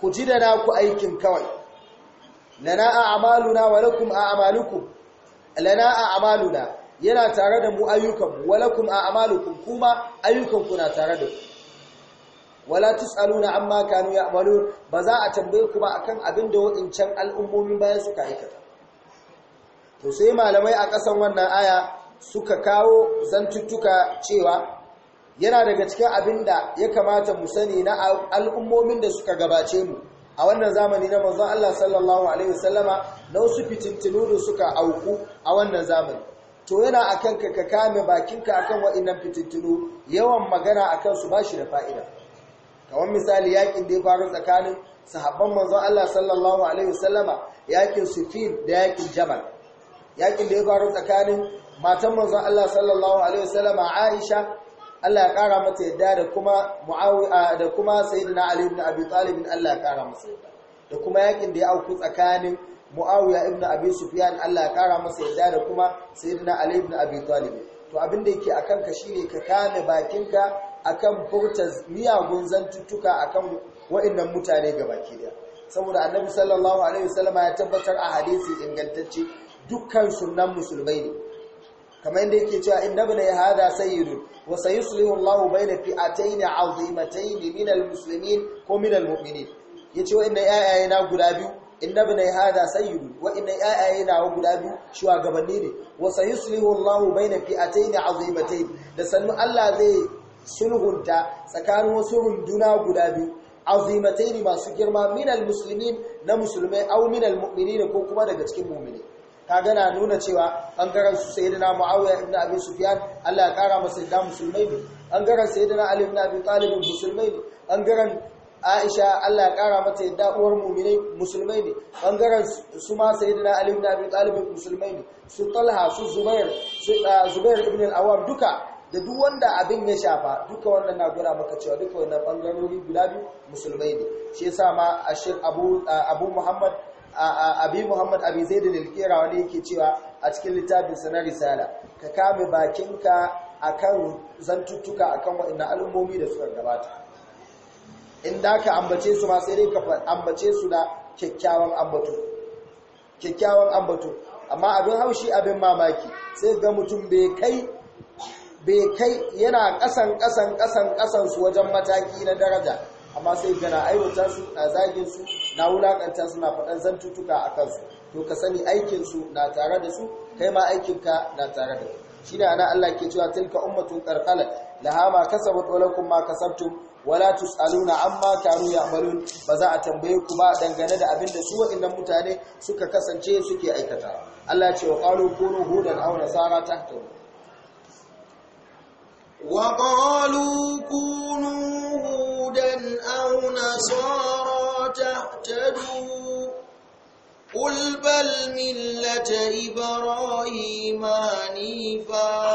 ku ji da na ku aikin kawai lana a'maluna wa lakum a'malukum lana a'maluna yana tare da mu ayyukanmu wa lakum a'malukum kuma ayyukanku na tare da ku wala tusaluna amma kanu ya'malun ba za a tambaye ku ba akan abin da wa'incan al'ummomin bayan suka aikata to sai malamai a ƙasan wannan aya suka kawo zantuttuka cewa yana daga cikin abin da ya kamata mu sani na al'ummomin da suka gabace mu a wannan zamani na mazan Allah sallallahu alaihi wasallama na wasu fitintinu da suka auku a wannan zamani to yana a ka ka kame bakinka akan nan fitintinu yawan magana a kansu ba shi da fa'ida kawan misali yakin da ya faru tsakanin sahabban mazan Allah sallallahu alaihi wasallama yakin Sufin da yakin Jamal yakin da ya faru tsakanin matan mazan Allah sallallahu alaihi wasallama Aisha Allah ya kara mata yadda da kuma Muawiya da kuma Sayyidina Ali ibn Abi Talib Allah ya kara masa yadda da kuma yakin da ya auku tsakanin Muawiya ibn Abi Sufyan Allah ya kara masa yadda da kuma Sayyidina Ali ibn Abi Talib to abin da yake akan ka shine ka kame bakinka akan furtar miyagun zantuttuka akan wa'annan mutane baki da saboda Annabi sallallahu alaihi wasallama ya tabbatar a hadisi ingantacce dukkan sunnan musulmai ne kamar yadda yake cewa innabna hada sayyidu wa sayuslihu Allahu bayna fi'atayn 'azimatayn min al-muslimin ko min al-mu'minin yace wa inna ayaye na guda biyu innabna hada sayyidu wa inna ayaye na guda biyu gabanni ne wa sayuslihu Allahu bayna fi'atayn 'azimatayn da sanu Allah zai sulhunta tsakanin wasu runduna guda biyu azimatayn masu girma min al na musulmai au min al-mu'minin ko kuma daga cikin mu'minin kaga na nuna cewa bangaren su sayyidina muawiya ibn abi sufyan Allah ya kara masa da musulmai ne bangaren sayyidina ali ibn abi talib musulmai ne bangaren aisha Allah ya kara mata yadda uwar mu'minai musulmai ne bangaren su ma sayyidina ali ibn abi talib musulmai ne su talha su zubair su uh, zubair ibn al duka da duk wanda abin ya shafa duka wannan na gura maka cewa duka wannan bangarori guda biyu musulmai ne shi yasa ma ashir abu uh, abu muhammad abi muhammad abi zai da qira wani yake cewa a cikin littafin sanar risala ka kame bakinka a kan zantuttuka a kan waɗannan al'ummomi da suka gabata in da ka ambace su ma sai dai ka ambace su da kyakkyawan ambato amma abin haushi abin mamaki sai ga mutum bai kai yana ƙasan kasan kasan kasan su wajen mataki na daraja amma sai gana aiwata su na zagin su na wulakanta suna faɗan zantutuka a kansu to ka sani aikinsu na tare da su kai ma aikinka na tare da su shi ne ana Allah ke cewa tilka ummatun karkala lahama ma kasabat wa lakum ma kasabtum wala tusaluna amma kanu ya'malun ba za a tambaye ku ba dangane da abin da su waɗannan mutane suka kasance suke aikata Allah ce wa qalu kunu hudan aw nasara tahtum wa qalu kunu يهودا أو نصارى تهتدوا قل بل ملة إبراهيم حنيفا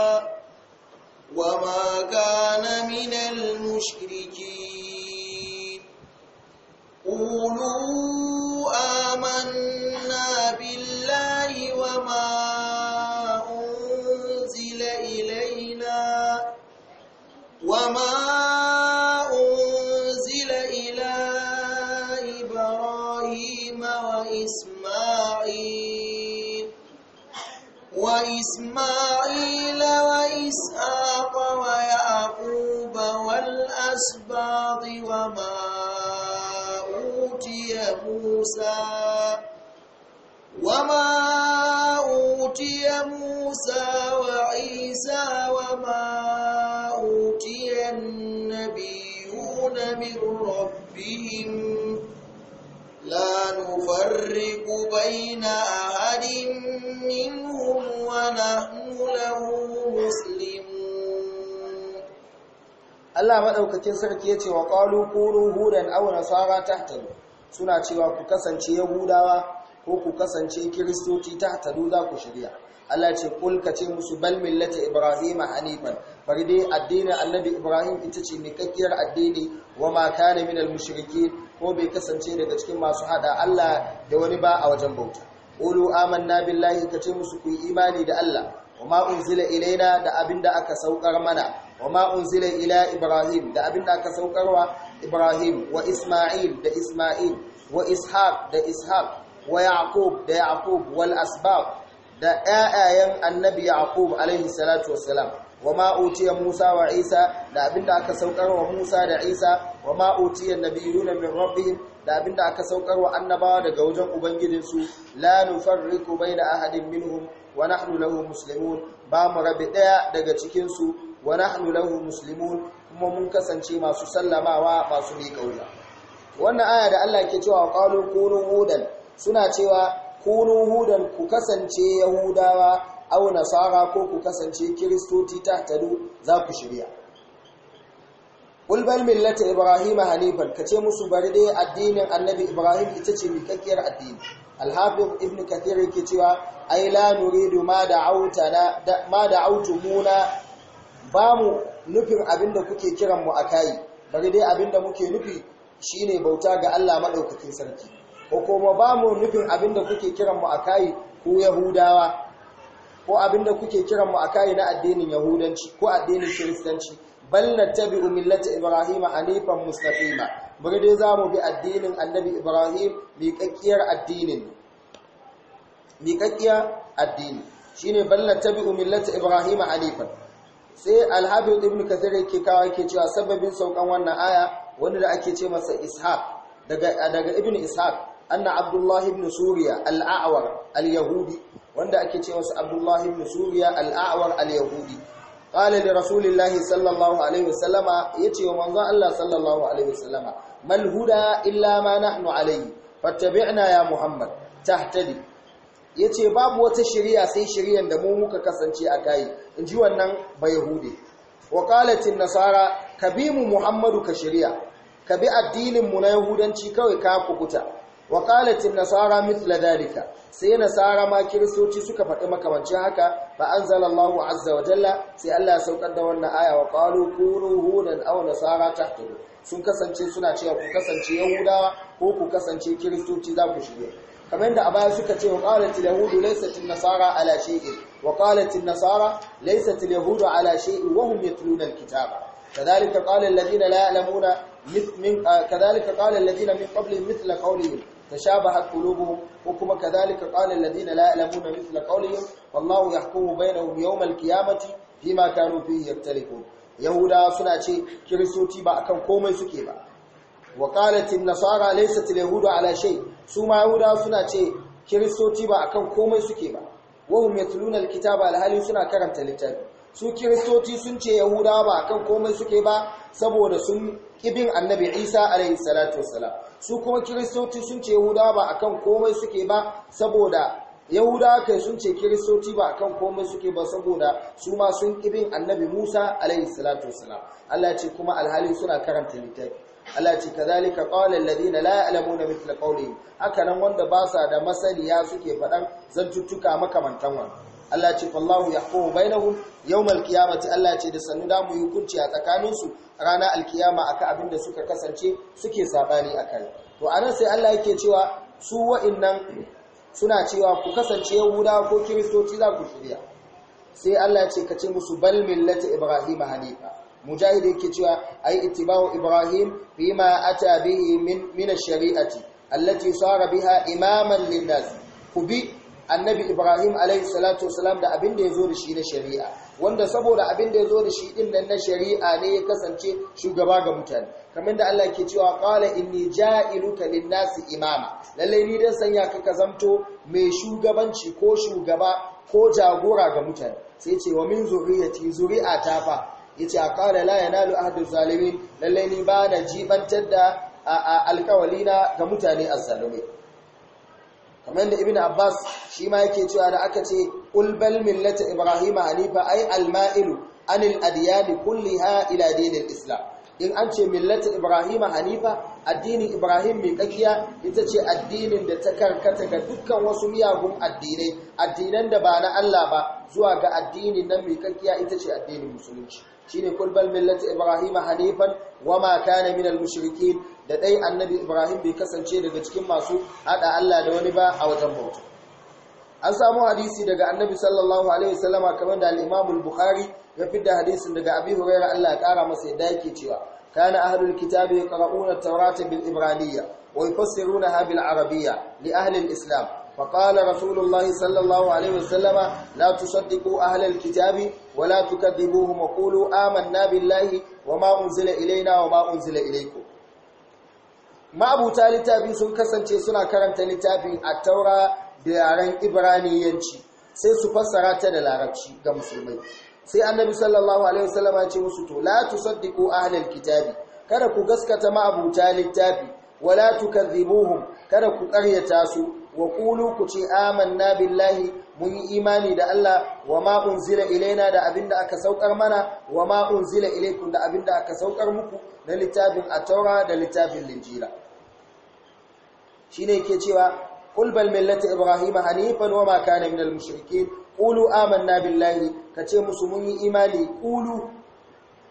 وما كان من المشركين قولوا آمنا بالله وما أنزل إلينا وما إسماعيل وإسحاق ويعقوب والأسباط وما أوتي موسى وما أوتي موسى وعيسى وما أوتي النبيون من ربهم لا نفرق بين أحد منهم Allah له مسلمون الله madaukakin sarki yace wa qalu qulu hudan aw nasara tahtadu suna cewa ku kasance yahudawa ko ku kasance kristoci tahtadu za ku shirya Allah ce kul kace musu bal millata ibrahima hanifan bari dai addinin annabi ibrahim ita ce mai ƙaƙƙiyar addini wa ma kana minal mushrikin ko bai kasance daga cikin masu hada Allah da wani ba a wajen bauta qulu amanna billahi kace musu ku imani da Allah ma’un zile ilaina da abin da aka saukar mana ma’un zile ila ibrahim da abin da aka saukarwa ibrahim wa isma'il da isma'il wa ishaq da ishaq wa yaqub da yaqub wal asbab da ayayen annabi yaqub alaihi salatu wassalam wama utiya musa wa isa da abin da aka saukarwa musa da isa wama Nabi Yunan min Rabbi da abinda aka saukar wa annabawa daga wajen ubangijinsu la bai da ahadin minhum wa nahnu lahu muslimun ba mu rabi daya daga cikinsu su wa nahnu lahu muslimun kuma mun kasance masu sallamawa masu mi kauya wannan aya da Allah ke cewa qalu kunu hudan suna cewa kunu hudan ku kasance yahudawa aw nasara ko ku kasance kristoti ta tadu za ku shirya ulbal millata ibrahim hanifan kace musu bari dai addinin annabi ibrahim ita ce mikakkiyar addini alhafiz ibn kathir yake cewa ai la nuridu ma da ma da'autumuna ba mu nufin abinda kuke kiran mu akai bari dai abinda muke nufi shine bauta ga Allah madaukakin sarki ko kuma ba mu nufin abinda kuke kiran mu akai ku yahudawa ko abinda kuke kiran mu akai na addinin yahudanci ko addinin kiristanci bal nattabi'u millata ibrahima hanifan mustaqima bari dai zamu bi addinin annabi ibrahim miƙaƙƙiyar addinin miƙaƙƙiyar addini shine bal nattabi'u millata ibrahima hanifan sai alhabib ibn kathir yake kawo yake cewa sababin saukan wannan aya wanda da ake ce masa ishaq daga daga ibn ishaq anna abdullahi ibn suriya al-a'war al-yahudi wanda ake ce masa abdullahi ibn suriya al-a'war al-yahudi qala li rasulillahi sallallahu alaihi wasallama yace wa manzon Allah sallallahu alaihi wasallama mal huda illa ma nahnu alaihi fattabi'na ya muhammad tahtadi yace babu wata shari'a sai shari'an da mu muka kasance a kai inji wannan bayahude wa qalat nasara mu muhammadu ka shari'a kabi addinin mu na yahudanci kawai ka kukuta wa qalat nasara mithla dalika sai nasara ma kiristoci suka faɗi makamancin haka ba an fa anzalallahu azza wa jalla sai Allah ya saukar da wannan aya wa qalu kunu hudan aw nasara tahtadu sun kasance suna cewa ku kasance yahudawa ko ku kasance kiristoci za ku shige kamar yadda a baya suka ce wa qalat yahudu laysat nasara ala shay'in wa qalat nasara laysat yahudu ala shay'in wa hum yatluna al-kitaba كذلك قال الذين لا يعلمون من كذلك قال الذين من قبلهم مثل قولهم تشابهت ko kuma kadhalika qala alladhina la ya'lamuna mithla qawlihim wallahu yahkumu bainahum yawm alqiyamati fima kanu fihi yakhtalifun yahuda suna ce kiristoci ba akan komai suke ba wa qalat an-nasara laysat al-yahudu su ma yahuda suna ce kiristoci ba akan komai suke ba wa hum yatluna kitaba al suna karanta littafi su kiristoci sun ce yahudawa ba akan komai suke ba saboda sun ibin annabi isa alaihi salatu wassalam su kuma kiristoci sun ce yahuda ba akan komai suke ba saboda yahuda kai sun ce kiristoci ba akan komai suke ba saboda su ma sun ibin annabi musa alaihi salatu wassalam allah ce kuma alhali suna karanta littafi Allah ce ka zalika qala ladina la mitla mithla haka hakanan wanda ba sa da masaniya suke faɗan zantuttuka makamantan wani Allah ce fallahu yahkumu bainahum yawmal qiyamati Allah ce da sannu da mu hukunci a tsakaninsu ranar alkiyama akan abin da suka kasance suke sabani akai to anan sai Allah yake cewa su wa'annan suna cewa ku kasance yahuda ko kiristoci za ku shirya sai Allah ce ka ce musu bal millati ibrahim hanifa mujahid yake cewa yi ittiba'u ibrahim bima ata bihi min min Allah ce allati sara biha imaman lindas. ku bi annabi ibrahim alaihi salatu wasalam da abin da ya da shi na shari'a wanda saboda abin da ya da shi din nan na shari'a ne ya kasance shugaba ga mutane kamar da Allah ke cewa qala inni ja'iluka lin-nasi imama lalle ni dan sanya ka kazamto mai shugabanci ko shugaba ko jagora ga mutane sai ce wa min zuriyati zuri'a ta fa yace qala la yanalu ahdul zalimin lalle ni ba na jibantar da alkawalina ga mutane azzalumai kamar da ibn abbas shi ma yake cewa da aka ce ulbal millata ibrahima hanifa ai alma'ilu anil adyani kulliha ila dinil islam in an ce millata ibrahima hanifa addinin ibrahim mai kakiya ita ce addinin da ta karkata ga dukkan wasu miyagun addinai addinan da ba na Allah ba zuwa ga addinin nan mai kakiya ita ce addinin musulunci shine kulbal millata ibrahima hanifan wa wama kana minal mushrikin da ɗai annabi ibrahim bai kasance daga cikin masu hada Allah da wani ba a wajen bauta an samu hadisi daga annabi sallallahu alaihi wasallama kamar da alimamul bukhari ya fidda hadisin daga abi hurairah Allah ya kara masa yadda yake cewa kana ahlul kitabi yaqra'una at-taurata bil Ibraniya" wa yufassirunaha bil arabiyya li ahli al-islam فقال رسول الله صلى الله عليه وسلم لا تصدقوا أهل الكتاب ولا تكذبوهم biLlahi wa بالله وما ilaina wa وما أنزل إليكم ma'abuta littafi sun kasance suna karanta littafin a taura da yaren ibraniyanci sai su fassara ta da larabci ga musulmai sai annabi sallallahu alaihi wasallama ya ce musu to la tu tusaddiqu ahlal kitabi kada ku gaskata ma'abuta littafi wa la tu tukadhibuhum kada ku ƙaryata su wa kulu ku ce aman na billahi mun yi imani da Allah wa ma unzila ilaina da abin da aka saukar mana wa ma unzila ilaikum da abin da aka saukar muku na littafin a taura da littafin linjira. shine ke cewa ƙulbal bal Ibrahim ibrahima hanifan wa ma kana minal mushrikeen qulu amanna billahi kace musu mun yi imani qulu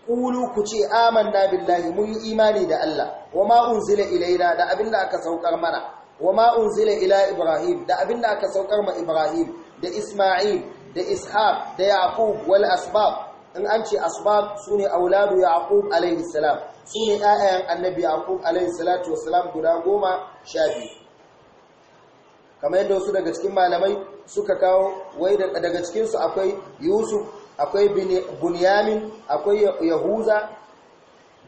ku kuce amanna billahi mun yi imani da Allah wama unzila ilaina da da aka saukar mana wama unzila ila ibrahim da da aka saukar ma ibrahim da isma'il da ishaq da yaqub wal asbab in an ce asbab sune auladu yaqub alayhi salam su ne ‘ya'yan annabi Yaqub alaihi salatu wasalam guda goma sha biyu kamar yadda wasu daga cikin malamai suka kawo wai daga cikinsu akwai yusuf akwai bunyamin akwai yahuza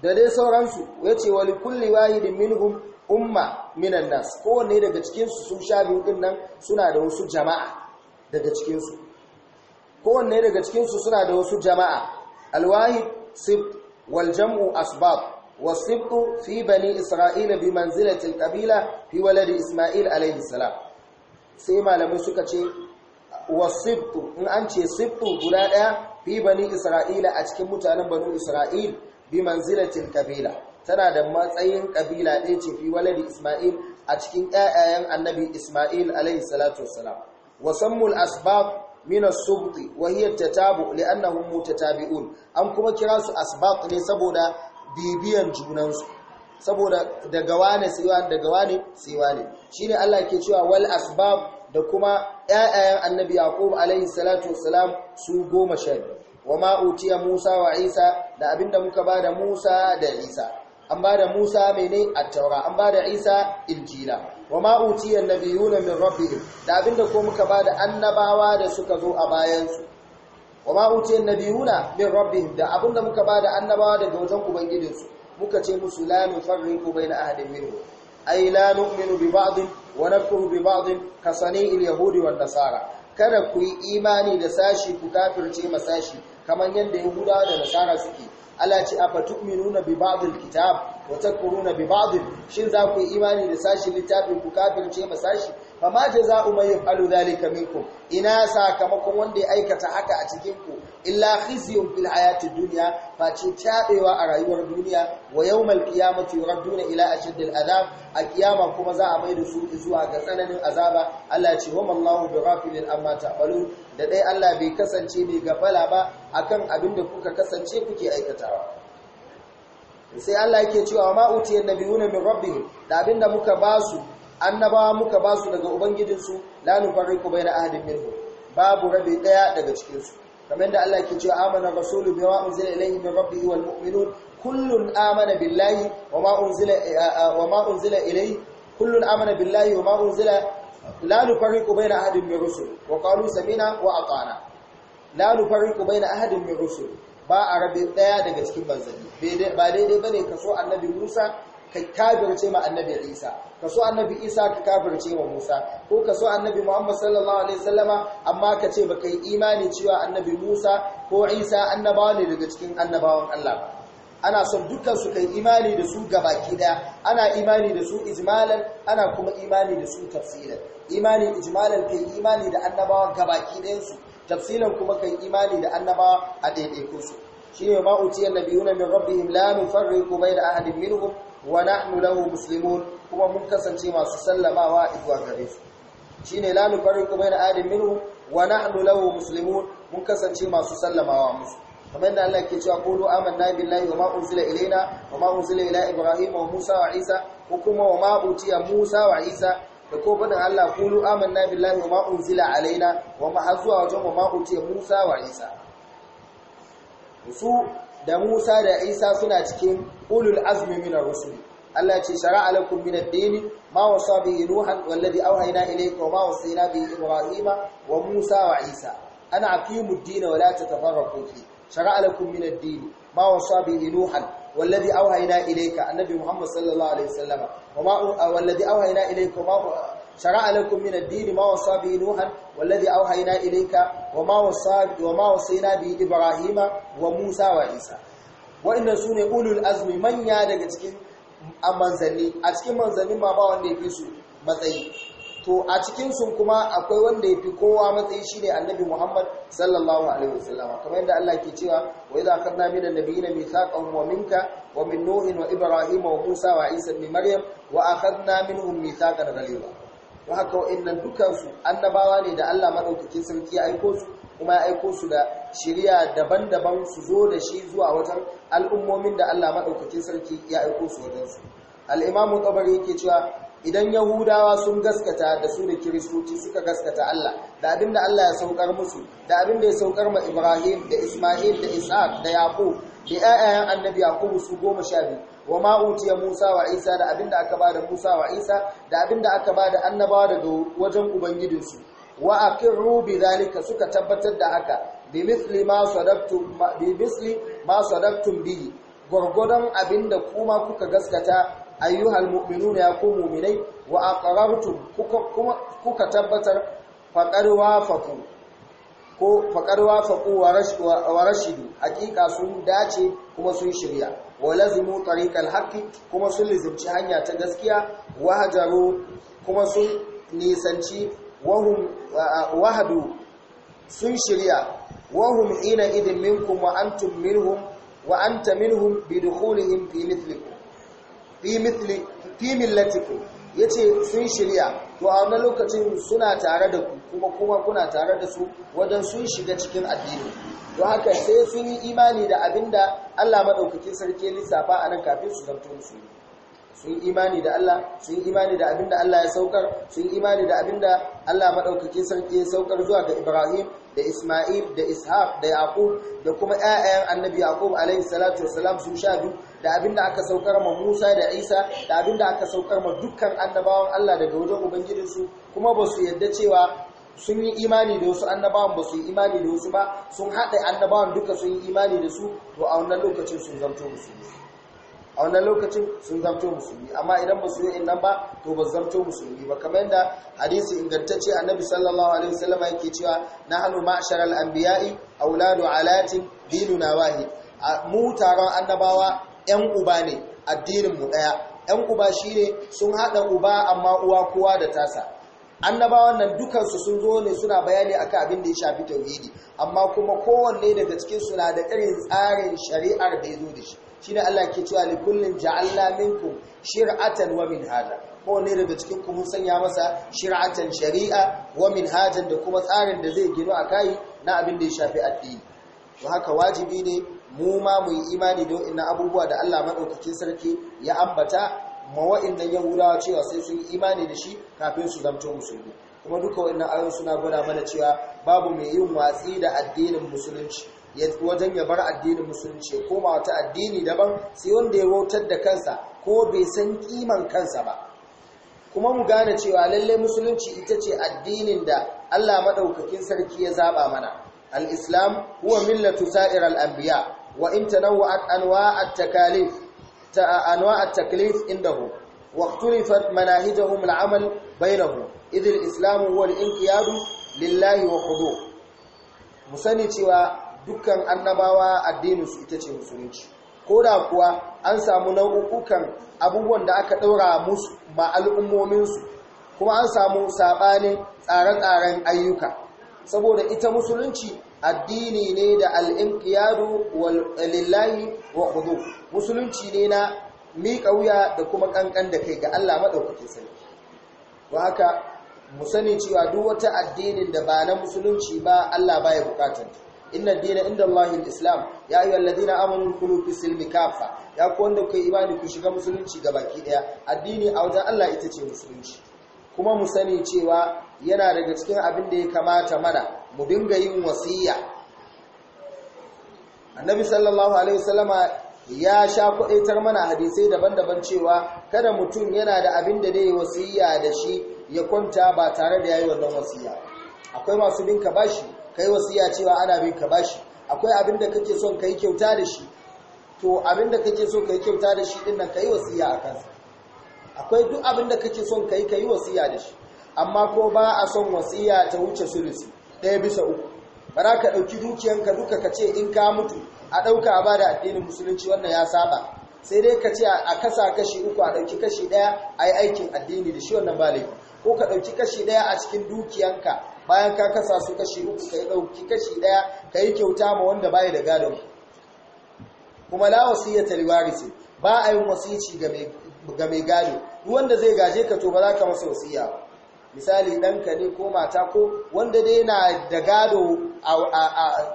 da dai sauransu ya ce wali kulli wahidin minhum umma minan nas kowanne daga cikinsu sun sha biyu din nan suna da wasu jama'a daga cikinsu kowanne daga cikinsu suna da wasu jama'a alwahid sib والجمع اسباب والصبط في بني اسرائيل بمنزله القبيله في ولد اسماعيل عليه السلام سي malamu suka ce والصبط ان ance صبط guda ɗaya fi bani isra'ila a cikin mutanen banu isra'il bimanzilatil kabila tana da matsayin kabila dai ce fi walad isma'il a cikin ƴaƴayen annabi isma'il alayhi salatu wassalam wasammul asbab min as-subt wa hiya tatabu li'annahum mutatabi'un an kuma kira su asbaq ne saboda bibiyan junansu saboda daga wane siwa daga wane siwa ne shine Allah ke cewa wal asbab da kuma 'ya'yan annabi yaqub Alayhi salatu wassalam su goma sha biyu wa ma utiya musa wa isa da abinda muka bada musa da isa an ba da Musa mene a taura an ba da Isa injila wa na biyu na min rabbihim da abinda ko muka ba da annabawa da suka zo a bayansu. su wa na biyu na min rabbihim da abinda muka ba da annabawa daga wajen ubangijinsu muka ce musu ku bai na ahadin minhum ay la nu'minu bi ba'd wa nakfuru bi ba'd ka il yahudi wan nasara kada ku yi imani da sashi ku kafirce masashi kamar yadda yahudawa da nasara suke Allah ce a fatu'minuna bi ba'dil kitab wa takfuruna bi ba'd shin za ku yi imani da sashi littafin ku kafirce ma sashi fama jaza'u man yaf'alu dhalika minkum ina sakamakon wanda ya aikata haka a cikin ku illa khizyun fil hayati dunya face tabewa a rayuwar duniya wa yawmal qiyamati yuraduna ila ashaddil azab a kiyama kuma za a maida su zuwa ga tsananin azaba Allah ya ce wa mallahu bighafilin amma ta'malun da dai Allah bai kasance mai gafala ba akan abinda kuka kasance kuke aikatawa sai Allah yake cewa ma utiyan nabiyuna min rabbihim da abinda muka basu annabawa muka ba su daga ubangijinsu la bai na ahadin minhu babu rabi daya daga cikin su kamar da Allah ke cewa amana rasulu ma unzila ilayhi min rabbihi wal mu'minun kullun amana billahi ma unzila eh, ma unzila ilayhi kullun amana billahi wa ma unzila la bai baina ahadin min rusul wa qalu sami'na wa ata'na la bai baina ahadin min rusul ba a rabi daya daga cikin manzanni ba daidai bane kaso annabi Musa ka ce ma annabi Isa ka so annabi Isa ka kafirce wa Musa ko ka so annabi Muhammad sallallahu alaihi wasallama amma ka ce baka yi imani cewa annabi Musa ko Isa annabawa ne daga cikin annabawan Allah ana son dukkan su kai imani da su gabaki daya ana imani da su ijmalan ana kuma imani da su tafsilan imani ijmalan kai imani da annabawa gabaki dayan su tafsilan kuma kai imani da annabawa a daidaiku su shine ma'utiyar nabiyuna min rabbihim la nufarriqu bayna ahadin minhum wa nahnu lahu muslimun kuma mun kasance masu sallamawa zuwa gare su shine la kuma bayna ahadin minhu wa nahnu lahu muslimun mun kasance masu sallamawa musu kamar yadda Allah ke cewa qulu amanna billahi wa ma unzila ilaina wa ma unzila ila ibrahim wa musa wa isa ko kuma wa ma utiya musa wa isa da ko fadin Allah qulu amanna billahi wa ma unzila alaina wa ma wajen wa ma utiya musa wa isa su da Musa da Isa suna cikin ulul azmi min ar-rusul Allah ce shara'a lakum min ad-din ma wasa bihi Nuhan wallazi awhayna ilayka wa ma wasayna bihi Ibrahima wa Musa wa Isa ana aqimu ad-din wa la tatafarraqu fi shara'a lakum min ad-din ma wasa bihi Nuhan wallazi awhayna ilayka annabi Muhammad sallallahu alaihi wasallam wa ma wallazi awhayna ilayka ma شرع لكم من الدين ما وصى به نوحا والذي أوحينا إليك وما وصى وما وصينا به إبراهيم وموسى وعيسى وإن سنة أولو الأزم من يادك تكين manzanni a cikin ما ma ba wanda ya fi su matsayi to a cikin sun kuma akwai wanda ya fi kowa matsayi shine annabi Muhammad sallallahu alaihi wasallam kamar yadda Allah ke cewa wa idza akhadna min an-nabiyina mithaqan wa minka wa min nuhin wa Ibrahim wa musa wa isa ibn maryam wa akhadna minhum mithaqan ghaliza wa haka wa'annan dukansu annabawa ne da Allah maɗaukakin sarki ya aiko su kuma ya aiko su da shirya daban-daban su zo da shi zuwa wajen al'ummomin da Allah maɗaukakin sarki ya aiko su wajensu al'imamu tabari yake cewa idan yahudawa sun gaskata da su da kiristoci suka gaskata Allah da abinda da Allah ya saukar musu da abinda ya saukar ma ibrahim da isma'il da isaac da yaqub da 'ya'yan annabi yakubu su goma sha biyu wa ma utiya musa wa isa da abinda aka bada musa wa isa da abinda aka bada annabawa daga wajen ubangidinsu, wa aqirru bi zalika suka tabbatar da haka bi misli ma sadaqtum bi misli ma abinda kuma kuka gaskata ayyuhal mu'minuna ya ku mu'minai wa a kuka kuma kuka tabbatar faqad wafaqu ko faƙarwa faƙo wa rashidu hakika sun dace kuma sun shirya wa lazimu tariqal haqqi kuma sun lizimci hanya ta gaskiya wa hajaru kuma sun nisanci wahum wahadu sun shirya wahum ina idin minkum wa antum minhum wa anta minhum bi dukhulihim fi mithlikum fi mithli fi millatikum yace sun shirya to a wannan lokacin suna tare da ku kuma kuma kuna tare da su wajen sun shiga cikin addini to haka sai sun yi imani da abinda Allah madaukakin sarki lissafa a nan kafin su zanto musu sun yi imani da Allah sun yi imani da abinda Allah ya saukar sun yi imani da abinda Allah madaukakin sarki ya saukar zuwa ga Ibrahim da Isma'il da Ishaq da Yaqub da kuma ƴaƴan Annabi Yaqub alaihi salatu wassalam sun sha biyu da abinda aka saukar ma Musa da Isa da abinda aka saukar ma dukkan annabawan Allah daga wajen ubangijinsu kuma ba su yadda cewa sun yi imani da wasu annabawan ba su yi imani da wasu ba sun haɗe annabawan duka sun yi imani da su to a wannan lokacin sun zamto musulmi a wannan lokacin sun zamto musulmi amma idan ba su yi innan ba to ba zamto musulmi ba kamar yadda hadisi ingantacce annabi sallallahu alaihi wasallam yake cewa na nahnu ma'sharal anbiya'i auladu alatin dinuna wahid mu taron annabawa 'yan uba ne addininmu ɗaya 'yan uba shi ne sun haɗa uba amma uwa kowa da tasa annabawan nan dukansu sun zo ne suna bayani akan abin da ya shafi tauhidi amma kuma kowanne daga cikin suna da irin tsarin shari'ar da ya zo da shi shine Allah ke cewa li kullin ja'alna minkum shir'atan wa minhaja kowanne daga cikin ku mun sanya masa shir'atan shari'a wa minhajan da kuma tsarin da zai gino akai na abin da ya shafi addini to haka wajibi ne mu ma mu yi imani da wa'annan abubuwa da Allah maɗaukakin sarki ya ambata ma wa'annan yahudawa cewa sai sun yi imani da shi kafin su zamto musulmi kuma duka wa'annan ayon suna gwada mana cewa babu mai yin watsi da addinin musulunci wajen ya bar addinin musulunci ya koma wata addini daban sai wanda ya wautar da kansa ko bai san kiman kansa ba kuma mu gane cewa lallai musulunci ita ce addinin da Allah maɗaukakin sarki ya zaɓa mana al-islam huwa millatu sa'ir al-anbiya وإن تنوعت أنواع التكاليف أنواع التكليف عنده واختلفت مناهجهم العمل بينهم إذ الإسلام هو Lillahi لله وخضوع musani cewa dukkan annabawa addinin su ita ce musulunci ko da kuwa an samu nau'ukan abubuwan da aka ɗaura musu ma al'ummominsu kuma an samu saɓanin tsare-tsaren ayyuka saboda ita musulunci addini ne da al'inqiyadu lillahi wa khudu musulunci ne na miƙa wuya da kuma ƙanƙan da kai ga Allah madaukakin sarki ba haka mu sani cewa duk wata addinin da ba na musulunci ba Allah ba baya bukatar inna dina inda Allahin islam ya yi wallazi na amurin kulu fi silmi kafa ya ku wanda kai imani ku shiga musulunci ga baki daya addini a wajen Allah ita ce musulunci kuma mu sani cewa yana daga cikin abin da ya kamata mana mu dinga yin wasiya annabi sallallahu alaihi wasallama ya sha kwaitar mana hadisai daban-daban cewa kada mutum yana da abin da zai wasiya da shi ya kwanta ba tare da yayi wannan wasiya akwai masu bin ka bashi kai wasiya cewa ana bin ka bashi akwai abin da kake son kai kyauta da shi to abin da kake so kai kyauta da shi din nan kai wasiya a kansa akwai duk abin da kake son kai kai wasiya da shi amma ko ba a son wasiya ta wuce sulusi ɗaya bisa uku bara ka ɗauki dukiyanka duka ka ce in ka mutu a ɗauka ba da addinin musulunci wannan ya saba sai dai ka ce a kasa kashi uku a ɗauki kashi ɗaya a yi aikin addini da shi wannan ba laifi ko ka ɗauki kashi ɗaya a cikin dukiyanka bayan ka kasa su kashi uku ka yi ɗauki kashi ɗaya ka yi kyauta ma wanda baya da gadon kuma la wasiyyata liwarisi ba a yin wasici ga mai ga mai gado wanda zai gaje ka to ba za ka masa wasiya misali ɗanka ne ko mata ko wanda dai na da gado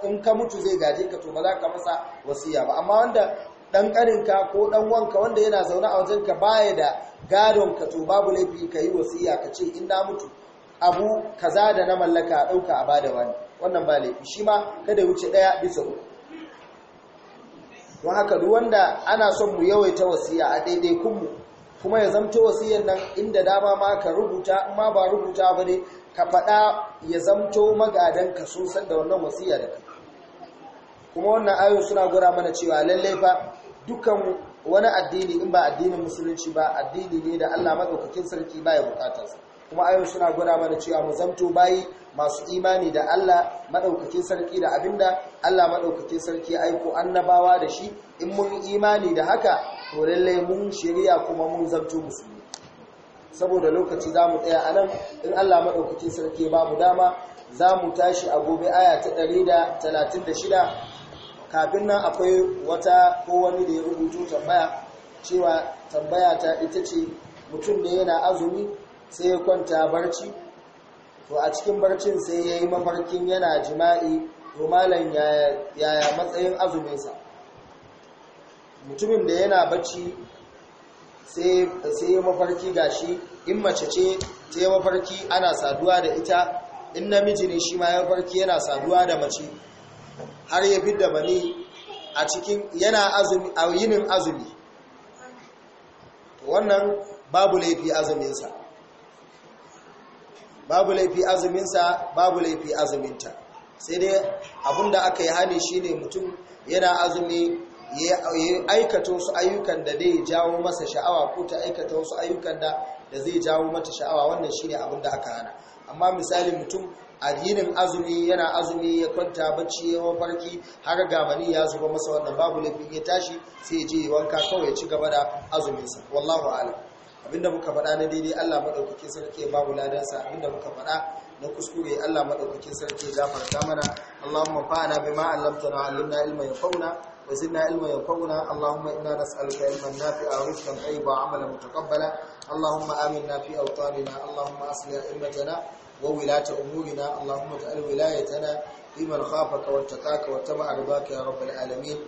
in ka mutu zai gaje ka to ba za ka masa wasiya ba amma wanda ɗan ka ko ɗan wanka wanda yana zaune a ka, baya da gadon ka to babu laifi ka yi wasiya ka ce in na mutu abu kaza da na mallaka a ɗauka a bada wani wannan ba laifi shi ma kada wuce ɗaya bisa uku don haka duk wanda ana son mu yawaita wasiya a daidai kunmu kuma ya zamto wasiyar nan inda dama ma ka rubuta amma ba rubuta ba ne ka faɗa ya zamto magadanka ka san da wannan wasiya da kai kuma wannan ayon suna gura mana cewa lallai fa dukkan wani addini in ba addinin musulunci ba addini ne da Allah madaukakin sarki ba ya bukatarsa kuma ayoyi suna gwada mana cewa mu zamto bayi masu imani da Allah madaukakin sarki da abinda Allah madaukakin sarki aiko annabawa da shi in mun imani da haka to lalle mun shari'a kuma mun zamto musulmi saboda lokaci zamu tsaya anan in Allah madaukakin sarki ba mu dama zamu tashi a gobe aya ta 136 kafin nan akwai wata ko wani da ya rubuta tambaya cewa tambaya ta ita ce mutum da yana azumi sai ya kwanta barci to a cikin barcin sai ya yi mafarkin yana jima'i to malam yaya matsayin azuminsa mutumin da yana bacci sai ya mafarki gashi in mace ce ta yi mafarki ana saduwa da ita in namiji ne shi ma ya mafarki yana saduwa da mace har ya fi da bane a cikin yana azumi a yinin azumi wannan babu laifi azuminsa babu laifi azuminsa babu laifi azuminta sai dai abinda aka yi hani shine mutum yana azumi ya aikata wasu ayyukan da zai jawo masa sha'awa ko ta aikata wasu ayyukan da zai jawo mata sha'awa wannan shine ne da aka hana amma misali mutum addinin azumi yana azumi ya kwanta bacci ya mafarki har gamani ya zuba masa wannan babu laifin ya tashi sai ya je wanka kawai ya ci gaba da azuminsa wallahu a'lam abinda muka faɗa na daidai Allah maɗaukaki sarki babu ba mu ladansa abinda muka faɗa na kuskure Allah maɗaukaki sarki ya gafarta mana Allahumma fa'ana bima 'allamtana 'allimna ilma yanfa'una wa zidna ilma yanfa'una Allahumma inna nas'aluka ilman nafi'a wa rizqan tayyiban 'amalan mutaqabbala Allahumma aminna fi awtanina Allahumma aslih ummatana wa wilata umurina Allahumma ja'al wilayatana liman khafaka wattaqaka wattaba ardaka ya rabbal alamin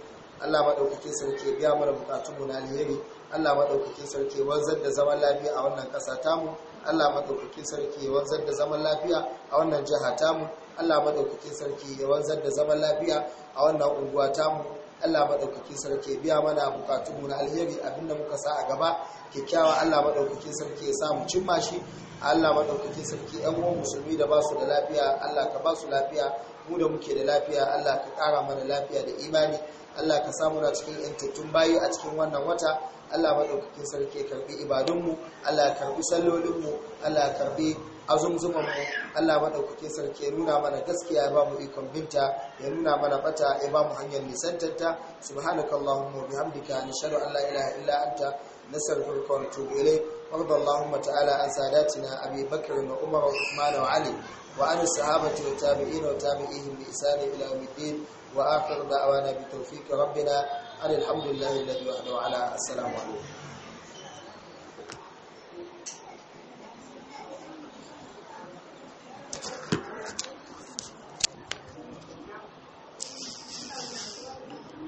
Allah maɗaukaki sarki biya mana buƙatunmu na alheri Allah maɗaukakin sarki wanzar da zaman lafiya a wannan ƙasa tamu Allah maɗaukakin sarki ya da zaman lafiya a wannan jiha tamu Allah maɗaukakin sarki ya da zaman lafiya a wannan unguwa tamu Allah maɗaukakin sarki biya mana mu na alheri abinda muka sa a gaba kyakkyawa Allah maɗaukakin sarki ya samu cimma shi Allah maɗaukakin sarki ɗan uwan musulmi da ba su da lafiya Allah ka ba su lafiya mu da muke da lafiya Allah ka ƙara mana lafiya da imani Allah ka samu na cikin tattun bayi a cikin wannan wata Allah maɗaukakin sarki ya karɓi ibadunmu Allah ya karbi sallolinmu Allah ya karbi azumzumanmu Allah maɗaukakin sarki ya nuna mana gaskiya ya ba mu ikon binta ya nuna mana bata ya ba mu hanyar nisantarta subhanakallahumma wa bihamdika nashhadu an la ilaha illa anta nastaghfiruka wa natubu ilayk وارض اللهم تعالى عن ساداتنا ابي بكر وعمر وعثمان وعلي وعن الصحابه والتابعين وتابعيهم باحسان الى يوم الدين واخر دعوانا بتوفيق ربنا الحمد لله الذي وحده على السلام عليكم